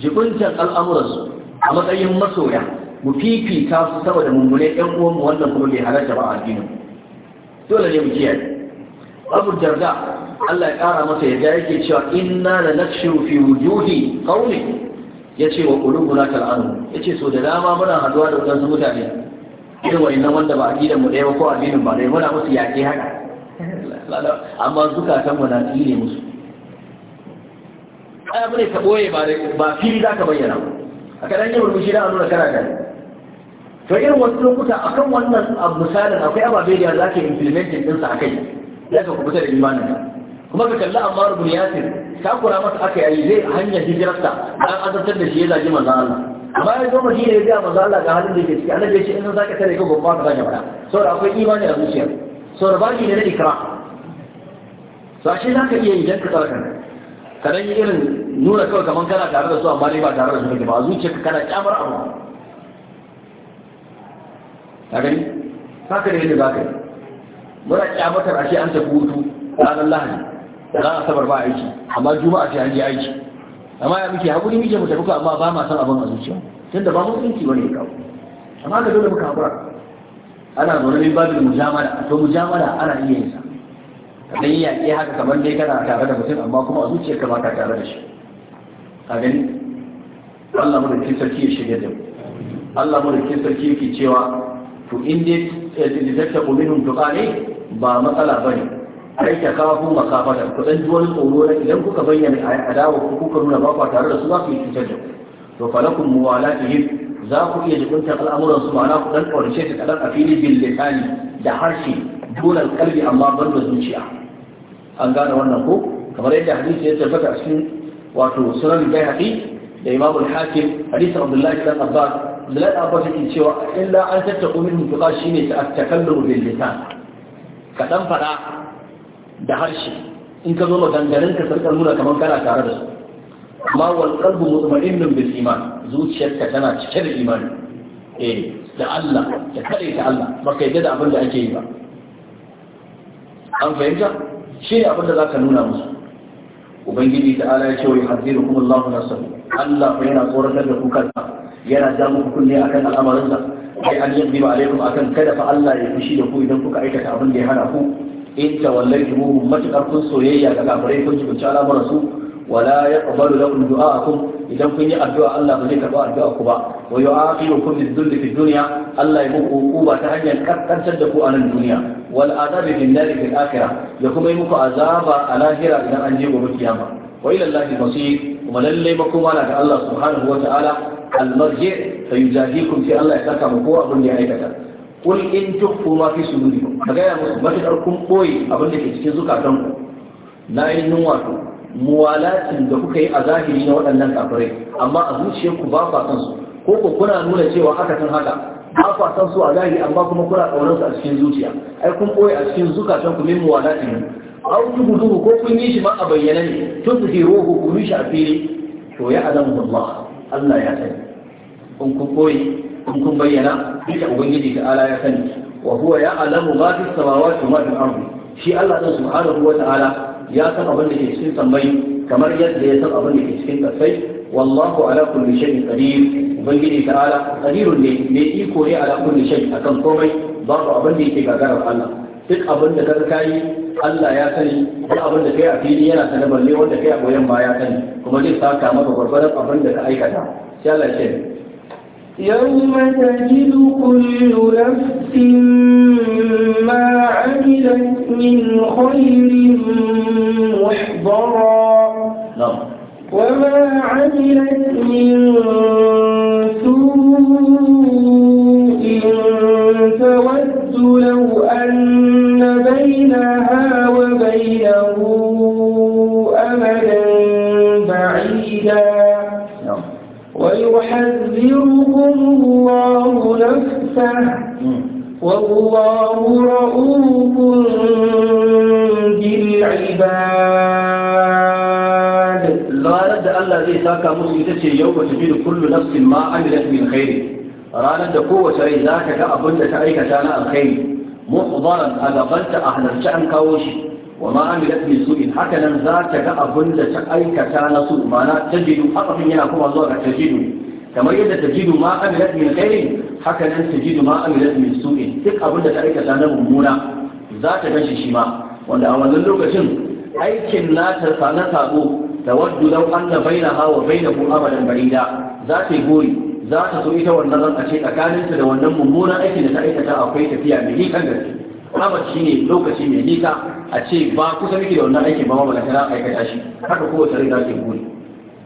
jibuntan al'amuransu a matsayin masoya mu fifita su saboda mummune ɗan uwanmu wannan kuma bai halarta ba a addinin dole ne mu kiyaye abu darda Allah ya ƙara masa yadda yake cewa inna la nakshu fi wujuhi qawli yace wa qulubuna tal'anu yace so da dama muna haduwa da wadansu mutane irin na wanda ba aƙidan mu ɗaya ko addinin ba ɗaya muna musu yaƙi haka amma san mu na tsire musu ai abu ne ka ɓoye ba fili za ka bayyana a kaɗan yi murmushi da nuna kana kan to irin wasu lokuta akan wannan abu misalin akwai ababe da za ka implementin ɗinsa a kai za ka kubuta da imanin kuma ka kalli amma rubun yasir takura masa aka yi zai hanyar hijirarsa an azantar da shi ya zaji manzan Allah amma ya zo madina ya ga Maza Allah ga halin da yake ciki Allah ya ce in ka tare ka gobba ka bada da akwai imani a zuciya da baki ne na ikra to ashe ka iya idan ka tsara kanka yi irin nuna kawai kamar kana tare da su amma dai ba tare da su ne ba zuciyarka kana kyamar abu ka gani haka ne ba ka yi muna kyamatar ashe an tafi hutu ranar lahadi a sabar ba aiki amma juma'a ce an je aiki amma ya muke haƙuri muke mu tafi amma ba ma san abin a zuciya tunda ba mutunci bane kawo amma da dole muka haƙura. ana zaune ne babin mujamala to mujamala ana iya yin sa kadan yi yaƙi haka kamar dai kana tare da mutum amma kuma a zuciyar ka ba ka tare da shi ka gani Allah mu da ke sarki ya shirya da Allah mu da ke sarki yake cewa to in dai da eh, ta minhum du'a ne ba matsala bane Ai ta kawo kuma kafata ku dan tsoro na idan kuka bayyana a adawa ku kuka nuna ba tare da su za ku yi cutar da ku to falakun muwalatihim za ku iya jikuntar al'amuran su ma'ana ku dan kaurace ta kadan a fili bil lisani da harshe dole kalbi amma ban da zuciya an gane wannan ko kamar yadda hadisi ya tabbata a cikin wato sunan bayhaqi da imamu al-hakim hadisi abdullahi ibn abbas bilal abbas yake cewa illa an tattaku minhum tuqa ne ta takallamu bil lisan kadan fada da harshe in ka zo maganganun ka sarkar nuna kamar kana tare da su amma wal qalbu mutma'innun bil iman zuciyarka tana cike da imani eh da Allah da kare ta Allah baka yadda da abin da ake yi ba an fahimta shi ne abin da zaka nuna musu ubangiji ta ala ya ce wa yuhadirukum Allahu nasr Allah fa yana tsoratar da ku kansa yana da muku kunne akan da. sai an yadda ba alaikum akan kada fa Allah ya fushi da ku idan kuka aikata abin da ya hana ku in tawallaytumuhum matakar kun soyayya ga kafirai kun ci al'amuran su wala yaqbalu dua du'aakum idan kun yi addu'a Allah ba zai karɓi addu'a ku ba wa yu'aqibukum bidhulli fid duniya? Allah ya muku ba ta hanyar karkantar da ku a nan duniya wal azabi bin nar fil akhirah ya kuma yi muku azaba a lahira idan an je gobe kiyama wa ila Allah masir kuma lalle makoma na ga Allah subhanahu wa ta'ala al marji fa yujahikum fi Allah ya saka muku abin da ya aikata kul in tukhu ma fi sudurikum ka gaya musu matukar kun koyi abin da ke cikin zukatanku na ainihin wato muwalatin da kuka yi a zahiri na waɗannan kafirai amma a zuciyarku ba kwa san su ko ko kuna nuna cewa haka san haka ba kwa san su a zahiri amma kuma kuna ƙaunar su a cikin zuciya ai kun koyi a cikin zukatanku min muwalatin aw tubuduhu ko kun yi shi ma a bayyana ne tun su ruhu ku yi shi a fili to ya alamu Allah Allah ya sani kun kun koyi kun kun bayyana duka ubangiji ta ala ya sani wa huwa ya alamu ma fi samawati ma fil shi Allah dan subhanahu wa ta'ala ya san abin da ke cikin sammai kamar yadda ya san abin da ke cikin kasai wallahu ala kulli shay'in qadir ubangiji ta'ala qadirun ne mai iko ne ala kulli shay akan komai babu abin da yake gagarar Allah duk abin da kaga kai Allah ya sani duk abin da kai a fili yana sanar balle wanda kai a goyen baya sani kuma zai saka maka gwargwaron abin da ka aikata sai Allah ya ce يوم تجد كل نفس ما عملت من خير محضرا نعم. وما عملت من سوء تود لو أن بينها وبينه أملا بعيدا نعم. ويحذر يغفركم الله نفسه والله رؤوف بالعباد لا رد ألا ذي ساكا مسجدتي يوم تجد كل نفس ما عملت من خير رانت قوة شري ذاك كأبنت شريك شانا الخير أذا أدقلت أحد الشعن كوشي وما عملت من سوء حتى لم ذاك كأبنت شريك شانا سوء معنا تجد أطف هنا كما زورك تجده kamar yadda tajidu ma amilat min khairin haka nan tajidu ma amilat min su'in duk abin da ta aikata na mummuna za ta gashi shi ma wanda a wannan lokacin aikin nata sana sabo da waddu law baina hawa wa bainahu abadan barida za ta yi gori za ta so ita wannan zan a ce tsakaninta da wannan mummunan aikin da ta aikata akwai tafiya mai likan gaske abar shi ne lokaci mai nisa a ce ba kusa miki da wannan aikin ba ma ba aikata shi haka kowace rai za ta yi gori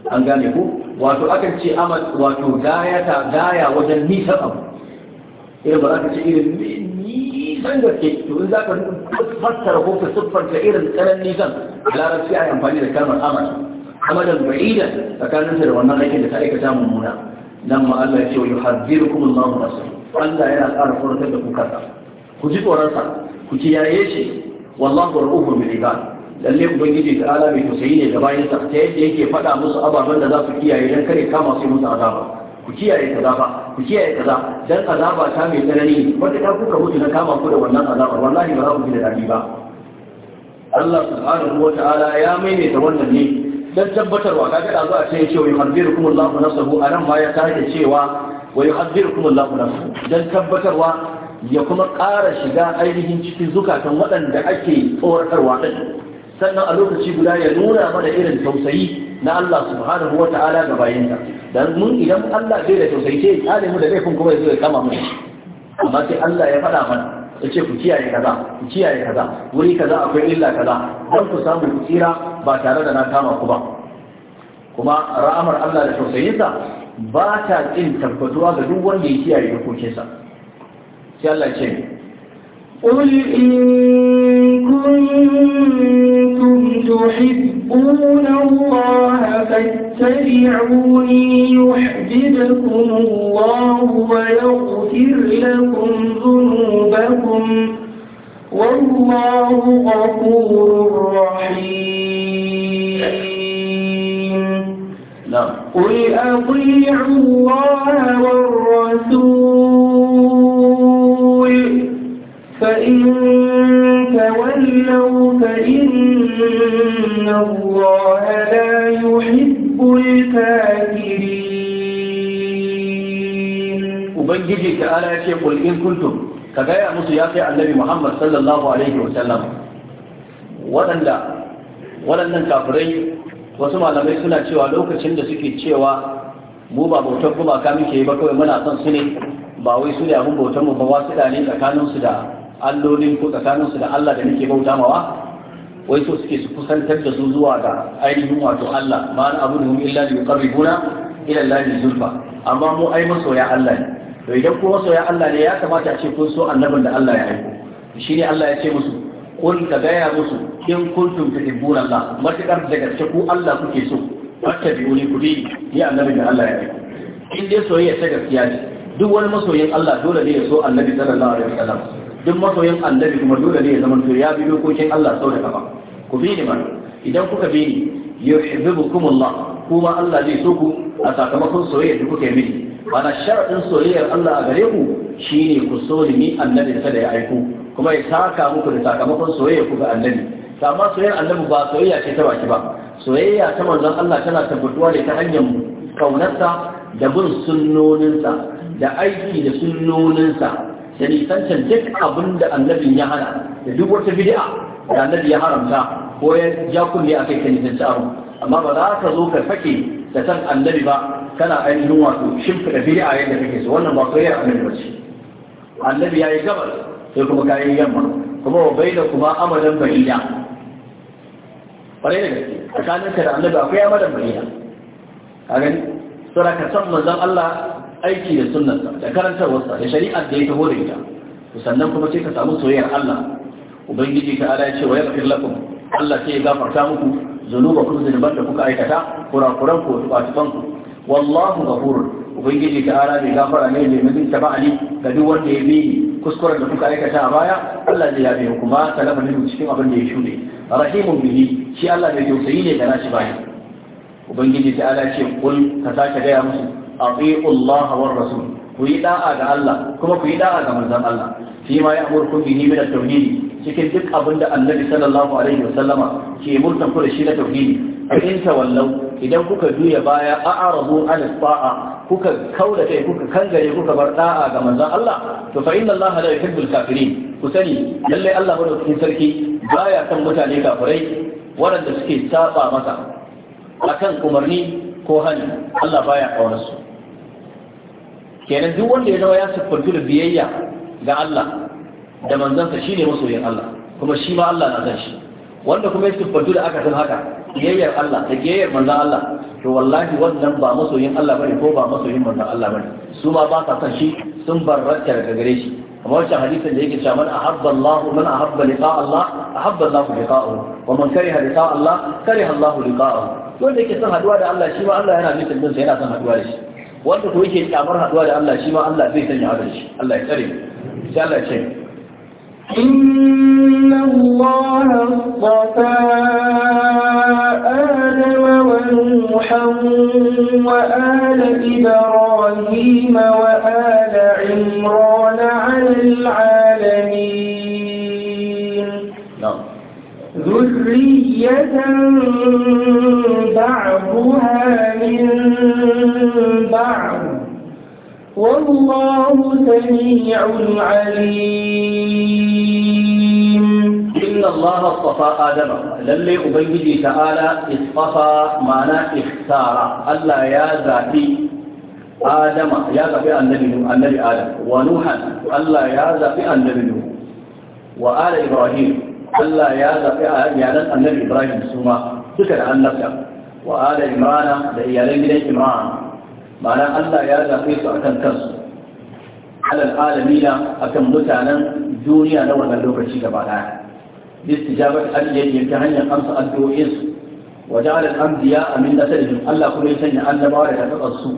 an gane ku wato akan ce amal wato gaya ta gaya wajen nisan abu irin eh, ba za ka ce irin nisan gaske to in za ka fassara ko ka siffanta irin tsaron nisan a larabci a amfani da kalmar amal amalan ba'ida tsakanin da wannan aikin da ta aikata mummuna nan ma Allah ya ce wa yuhaddirukum Allahu rasul Allah yana ƙara furtar da ku kasa ku ji tsoron sa ku kiyaye shi wallahu rahimun bil ibad lalle ubangiji ta ala mai tausayi ne da bayan ta yadda yake faɗa musu ababen da za su kiyaye dan kare kama su musu azaba ku kiyaye kaza fa ku kiyaye kaza dan azaba ta mai tsanani wanda ta kuka mutu na kama ku da wannan azaba wallahi ba za ku ji da dadi ba Allah subhanahu wa ta'ala ya maimaita wannan ne dan tabbatarwa kaga da zuwa cikin cewa yuhaddirukum Allahu nafsuhu anan ma ya tace cewa wa yuhaddirukum Allahu nafsuhu dan tabbatarwa ya kuma ƙara shiga ainihin cikin zukatan waɗanda ake tsoratarwa din sannan a lokaci guda ya nuna mana irin tausayi na Allah subhanahu wa ta'ala ga bayinsa dan mun idan Allah zai da tausayi ce, ya mu da laifin kuma ya zo ya kama mu amma sai Allah ya faɗa mana ya ce ku kiyaye kaza ku kiyaye kaza wuri kaza akwai illa kaza don ku samu tsira ba tare da na kama ku ba kuma ra'amar Allah da tausayinsa ba ta ƙin tabbatuwa ga duk wanda ya kiyaye dokokinsa sai Allah ce قل إن كنتم فاتبعوني يحببكم الله ويغفر لكم ذنوبكم والله غفور رحيم نعم. قل أطيعوا الله والرسول فإن تولوا فإن الله لا يحب ubangiji ta ala ce qul kuntum ka gaya musu ya kai annabi Muhammad sallallahu alaihi wa sallam waɗanda waɗannan kafirai wasu malamai suna cewa lokacin da suke cewa mu ba bautar ka muke yi ba kawai muna son su ne ba wai su ne abin bautar mu ba wasu dane ne tsakanin da allolin ko tsakaninsu da Allah da muke bauta mawa wai so suke su kusantar da su zuwa ga ainihin wato Allah ma na abu da illa da yuqarribuna ila Allah zulfa amma mu ai masoya Allah ne to idan ko masoya Allah ne ya kamata a ce kun so annabin da Allah ya aiko shine Allah ya ce musu kun ka gaya musu in kuntum tuhibbuna Allah matakar da gaske ku Allah kuke so fattabi'uni ku bi ni annabi da Allah ya aiko in dai soyayya ta gaskiya ce duk wani masoyin Allah dole ne ya so annabi sallallahu alaihi wasallam duk masoyin annabi kuma dole ne ya zama to ya bi dokokin Allah sau da kafa ku bi ni man idan kuka bi ni yuhibbukum Allah kuma Allah zai so ku a sakamakon soyayya da kuka yi mini bana sharadin soyayyar Allah a gare ku shine ku so ni da ya aiko kuma ya saka muku da sakamakon soyayya ku ga annabi amma soyayyar annabi ba soyayya ce ta baki ba soyayya ta manzon Allah tana tabbatuwa ne ta hanyar kaunarsa da bin sunnoninsa da aiki da sunnoninsa da nisantar duk abin da annabin ya hana da duk wata bid'a da annabi ya haramta ko ya ja a kai ka nisanci abu amma ba za ka zo ka fake da san annabi ba kana ainihin wato da bid'a yadda kake so wannan ba soyayya annabi ba ce annabi ya yi gabas sai kuma ka yi yamma kuma wa bai da kuma amalan bahina ƙwarai da gaske tsakaninka da annabi akwai amalan bahina ka gani sura ka san manzon Allah aiki da sunnarsa da karantarwarsa da shari'ar da ya taho da ita sannan kuma sai ka samu soyayyar Allah ubangiji ta ala ya ce wa yaghfir lakum Allah sai ya gafarta muku zunubakum zunuban da kuka aikata kurakuran ku ba tuban ku wallahu ghafurun ubangiji ta ala bai gafara ne mai mutum ta ba'ali ga duk wanda ya bi kuskuren da kuka aikata a baya Allah zai yabe kuma talaba ne cikin abin da ya shuɗe rahimun bihi shi Allah mai tausayi ne da nashi bayan ubangiji ta ala ce kul ka sake gaya musu ati'u Allah war rasul ku yi da'a ga Allah kuma kuyi ɗa'a ga manzon Allah shi ma ya amurku bihi min at-tauhid cikin duk abinda da Annabi sallallahu alaihi wasallama ke murta ku da shi na tauhidi in tawallau idan kuka juya baya a'rabu an ta'a kuka kauda kai kuka kuka bar ɗa'a ga manzan Allah to fa inna Allah la kafirin ku sani lalle Allah madaukakin sarki baya san mutane kafirai waɗanda suke saba masa akan umarni ko hani Allah baya kaunarsu kenan duk wanda ya zama ya siffantu da biyayya ga Allah da manzansa shine masoyin Allah kuma shi ma Allah na san shi wanda kuma ya siffantu da aka san haka biyayyar Allah da biyayyar manzan Allah to wallahi wannan ba masoyin Allah bane ko ba masoyin manzan Allah bane su ma ba sa san shi sun barrata daga gare shi amma wancan hadisin da yake cewa man ahabba Allah man ahabba liqa Allah ahabba Allah liqa'ahu wa man kariha liqa Allah kariha Allah liqa'ahu wanda yake son haduwa da Allah shi ma Allah yana nufin din sa yana son haduwa da shi wanda ko yake kyamar haduwa da Allah shi ma Allah zai sanya hada Allah ya tsare sai Allah ya ce inna Allah safa adama wa nuhan wa ala ibrahim wa ala imran ala alamin ذرية ذرية بعضها من بعض والله سميع عليم إن الله اصطفى آدم للي أبيه تعالى اصطفى معنى اختار ألا يا ذاتي آدم يا ذاتي النبي النبي آدم ونوحا ألا يا ذاتي النبي وآل إبراهيم Allah ya zafi a iyalan annabi Ibrahim su ma suka da annabta wa ala imana da iyalan gidan Imana, ma'ana Allah ya zafi su akan kansu alal alamina akan mutanen duniya na wannan lokaci gaba daya istijabat aliyyi ta hanyar amsa addu'o'in su wa ja'ala al-anbiya min nasalihim Allah kuma ya sanya annabawa da su.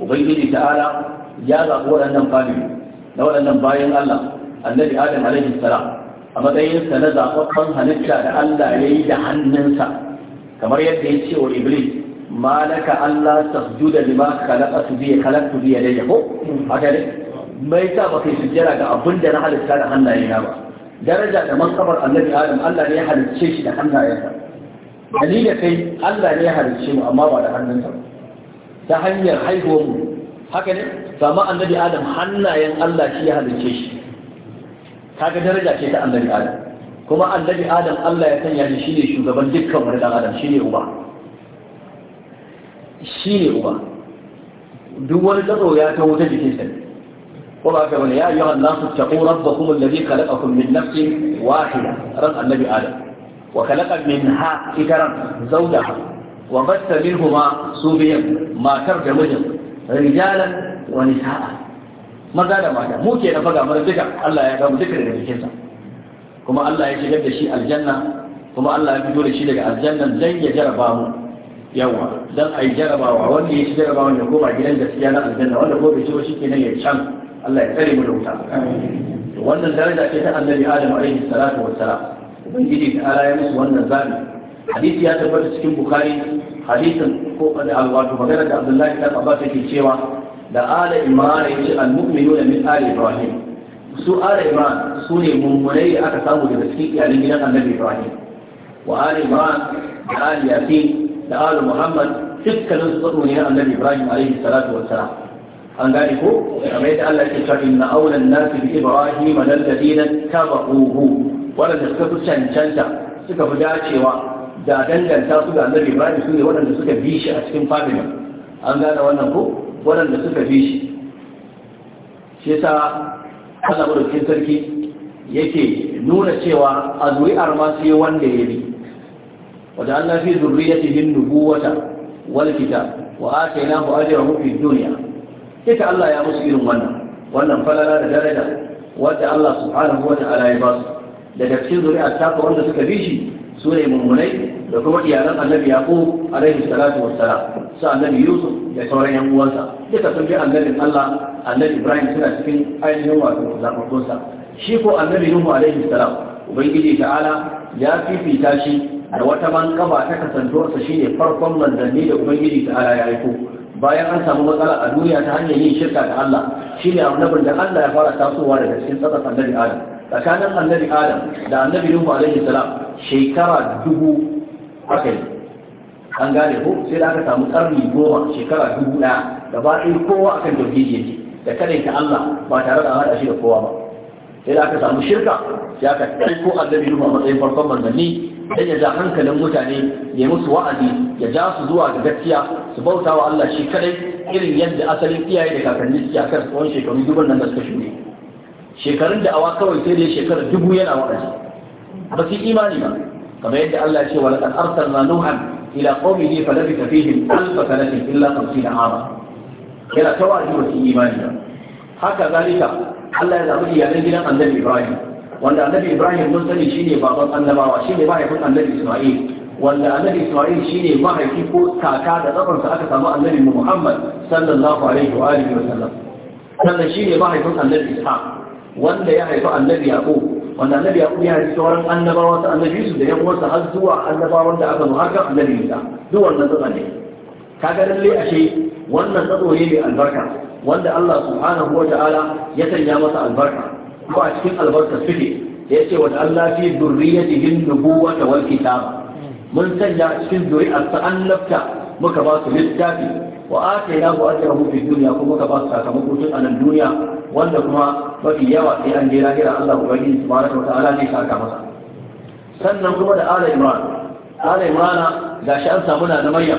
ubangiji ta'ala ya zaɓi waɗannan fadi na waɗannan bayan Allah annabi Adam alaihi salam a matsayinsa na zaɓaɓɓen halitta da Allah ya yi da hannunsa kamar yadda ya ce wa iblis ma laka Allah tasjuda lima khalaqtu bi khalaqtu bi da ko haka ne mai sa ba kai jira ga abin da na halitta da hannayena ba daraja da mankabar annabi Adam Allah ne ya halicce shi da hannayensa dalilin kai Allah ne ya halicce mu amma ba da hannunsa ta hanyar haihuwar mu haka ne sama annabi Adam hannayen Allah shi ya halicce shi kaga daraja ce ta annabi adam kuma annabi adam Allah ya sanya shi shine shugaban dukkan wani dan adam shine uba shine uba duk wani tsaro ya taho ta jikin sa ko ba ka bane ya ayyuha an-nasu taqu rabbakum alladhi khalaqakum min nafsin wahida ran annabi adam wa khalaqa minha ikran zawjaha wa batta minhuma subiyan matar da mijin rijalan wa nisaa maza da mata mu ke na faga mana duka Allah ya gamu duka daga jikinsa kuma Allah ya shigar da shi aljanna kuma Allah ya fito da shi daga aljannan dan ya jaraba mu yawa dan ai jarabawa wanda ya ci jarabawa ya koma gidan gaskiya na aljanna wanda ko bai ci ba shikenan ya can Allah ya tsare mu da wuta wannan daraja ce ta annabi Adam alaihi salatu wassalam ubangiji ta ala ya musu wannan zabi hadisi ya tabbata cikin bukhari hadisin ko da wato magana da Abdullahi ibn Abbas yake cewa da ala imran ya ce al da min ali ibrahim su ala imran su ne mummunai da aka samu daga cikin iyalin gidan annabi ibrahim wa ali imran da ali yasin da ali muhammad dukkanin su tsaro ne na annabi ibrahim alaihi salatu wassalam an gane ko kamar yadda Allah ya ce inna awla an-nasi bi ibrahim alladhina tabaquhu waɗanda suka fi cancanta suka fi dacewa da danganta su ga annabi ibrahim su ne waɗanda suka bi shi a cikin family an gane wannan ko waɗanda suka fi shi shi yasa Allah sarki yake nuna cewa azuri'ar ma sai wanda ya bi wanda Allah fi zurriyatihin nubuwata wal kitab wa atainahu ajiyar mafi duniya. Ita Allah ya musu irin wannan wannan falala da daraja wadda Allah subhanahu wa ta'ala ya ba su daga cikin zuri'ar ta wanda suka bi shi su ne mummunai da kuma iyalan annabi yaqub alaihi salatu wassalam su annabi yusuf da sauran yan uwansa duka sun fi annabin allah annabi ibrahim suna cikin ainihin wato zaɓaɓɓunsa shi ko annabi nuhu alaihi salam ubangiji ta'ala ya fifita shi da wata man kaba ta kasantuwarsa shine farkon manzanni da ubangiji ta'ala ya haifo. bayan an samu matsala a duniya ta hanyar yin shirka da Allah shine annabin da Allah ya fara tasowa daga cikin tsaka annabi Adam tsakanin annabi adam da annabi nuhu alaihi salam shekara dubu aka an gane ko sai da aka samu karni goma shekara dubu ɗaya gaba ɗaya kowa akan tauhidi yake da kaɗai ta Allah ba tare da hada shi da kowa ba sai da aka samu shirka sai aka ɗauko annabi nuhu a matsayin farkon manzanni dan ya ja hankalin mutane ya musu wa'azi ya ja su zuwa ga gaskiya su bauta wa Allah shi kadai irin yadda asalin iyaye da kakanni suke a kan tsawon shekaru duban nan da suka shuɗe shekarun da awa kawai sai dai shekara dubu yana wa'azi ba su imani ba kamar yadda Allah ya ce wa laqad arsalna nuhan ila qaumihi falabitha fihim alf sanatin illa 50 ama yana tawazi ba su imani ba haka zalika Allah ya zabi iyalan gidan annabi Ibrahim wanda annabi Ibrahim mun sani shine baban annabawa shine mahaifin annabi Isma'il wanda annabi Isma'il shine mahaifi ko kaka da tsafansa aka samu annabi Muhammad sallallahu alaihi wa alihi wa sallam sannan shine mahaifin annabi Ishaq wanda ya haifi annabi yaqub wanda annabi yaqub ya haifi sauran annabawa ta annabi su da ya uwansa har zuwa annabawan da aka zo haka annabi Isa duk wannan tsatsa ne kaga lalle ashe wannan tsatso ne mai albarka wanda Allah subhanahu wa ta'ala ya sanya masa albarka ko a cikin albarka suke Ya ce wa Allah fi durriyatihim nubuwata wal kitaba mun sanya a cikin zuri'arsa annabta muka ba su littafi wa atayna hu ajrahu fi dunya kuma muka ba su sakamako tun a nan duniya wanda kuma mafi yawa sai an je lahira Allah ubangiji subhanahu wataala zai saka masa sannan kuma da ala imran ala imran gashi an samu na maryam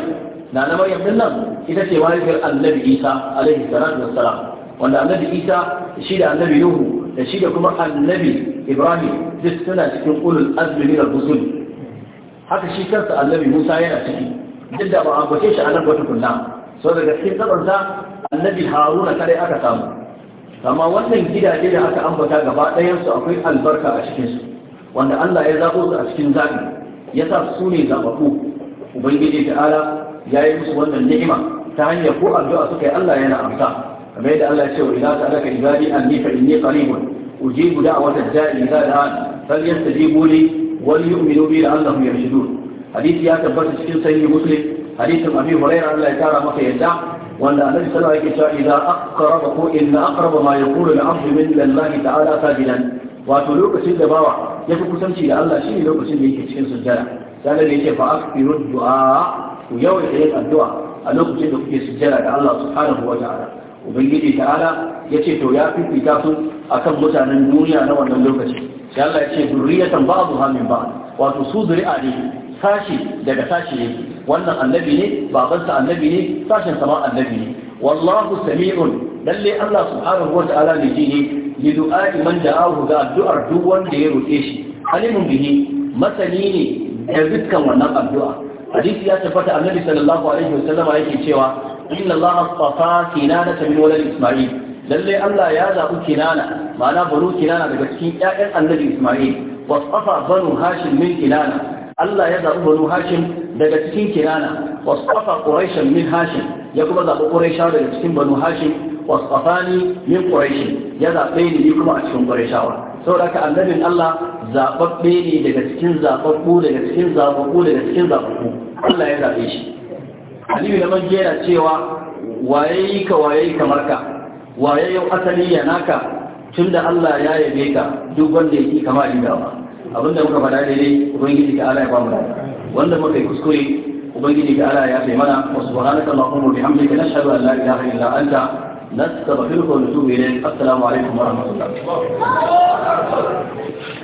na na maryam din nan ita ce mahaifiyar annabi isa alaihi salatu wassalam wanda annabi isa shi da annabi nuhu da shi da kuma annabi ibrahim duk suna cikin ulul azmi min ar-rusul haka shi kansa annabi musa yana ciki duk da ba a bace shi a nan ba tukunna so daga cikin gabansa annabi haruna kare aka samu amma wannan gidaje da aka ambata gaba ɗayansu akwai albarka a cikinsu wanda Allah ya zaɓo su a cikin zaɓi ya sa su ne zaɓaɓɓu ubangiji ta'ala ya yi musu wannan ni'ima ta hanyar ko addu'a suka yi Allah yana amsa kamar yadda Allah ya ce wa idza ta'alaka ibadi anni fa inni qaribun ujibu da'wata da'i idza da'an falyastajibu li wal yu'minu bi la'allahum yarshudun hadisi ya tabbata cikin sahih muslim hadisin abi hurairah Allah ya tara masa yadda wanda annabi tana alaihi wasallam yake cewa idan aqraba ko inna aqraba ma yaqulu al-abdu min Allah ta'ala sajidan wato lokacin da bawa ya fi kusanci da Allah shine lokacin da yake cikin sujjada sai da yake fa aqbiru du'a ku yawaita yin addu'a a lokacin da kuke sujjada da Allah subhanahu wa ta'ala ubangiji ta'ala yace to ya fita su akan mutanen duniya na wannan lokaci sai Allah ya ce zurriyatan ba'dha min ba'd wato su zuri'a ne sashi daga sashi ne wannan annabi ne babansa annabi ne sashen sama annabi ne wallahu sami'un lalle Allah subhanahu wa ta'ala ne ji ne li du'a'i man da'ahu ga addu'ar duk wanda ya roƙe shi alimun bihi masani ne da dukkan wannan addu'a hadisi ya tabbata annabi sallallahu alaihi wasallam yake cewa inna Allah astafa kinana min walad isma'il lalle Allah ya zaɓi kinana ma'ana banu kinana daga cikin ƴaƴan annabi isma'il wasafa banu hashim min kinana Allah ya zaɓi banu hashim daga cikin kirana wasfafa quraishan min hashim ya kuma zaɓi quraisha daga cikin banu hashim wasfafani min quraish ya zaɓe ni ni kuma a cikin quraishawa saboda ka annabin Allah zaɓaɓɓe ne daga cikin zaɓaɓɓu daga cikin zaɓaɓɓu daga cikin zaɓaɓɓu Allah ya zaɓe shi Aliyu na yana cewa waye yi ka waye yi kamar ka waye yau asali ya naka tun da Allah ya yabe ka duk wanda ya yi kama inda ba abinda muka faɗa daidai ubangiji ta Allah ya ba mu wanda muka yi kuskure ubangiji da Allah ya sai mana wa subhanaka allahumma bihamdika nashhadu an la ilaha illa anta nastaghfiruka wa natubu ilayk assalamu alaikum wa rahmatullah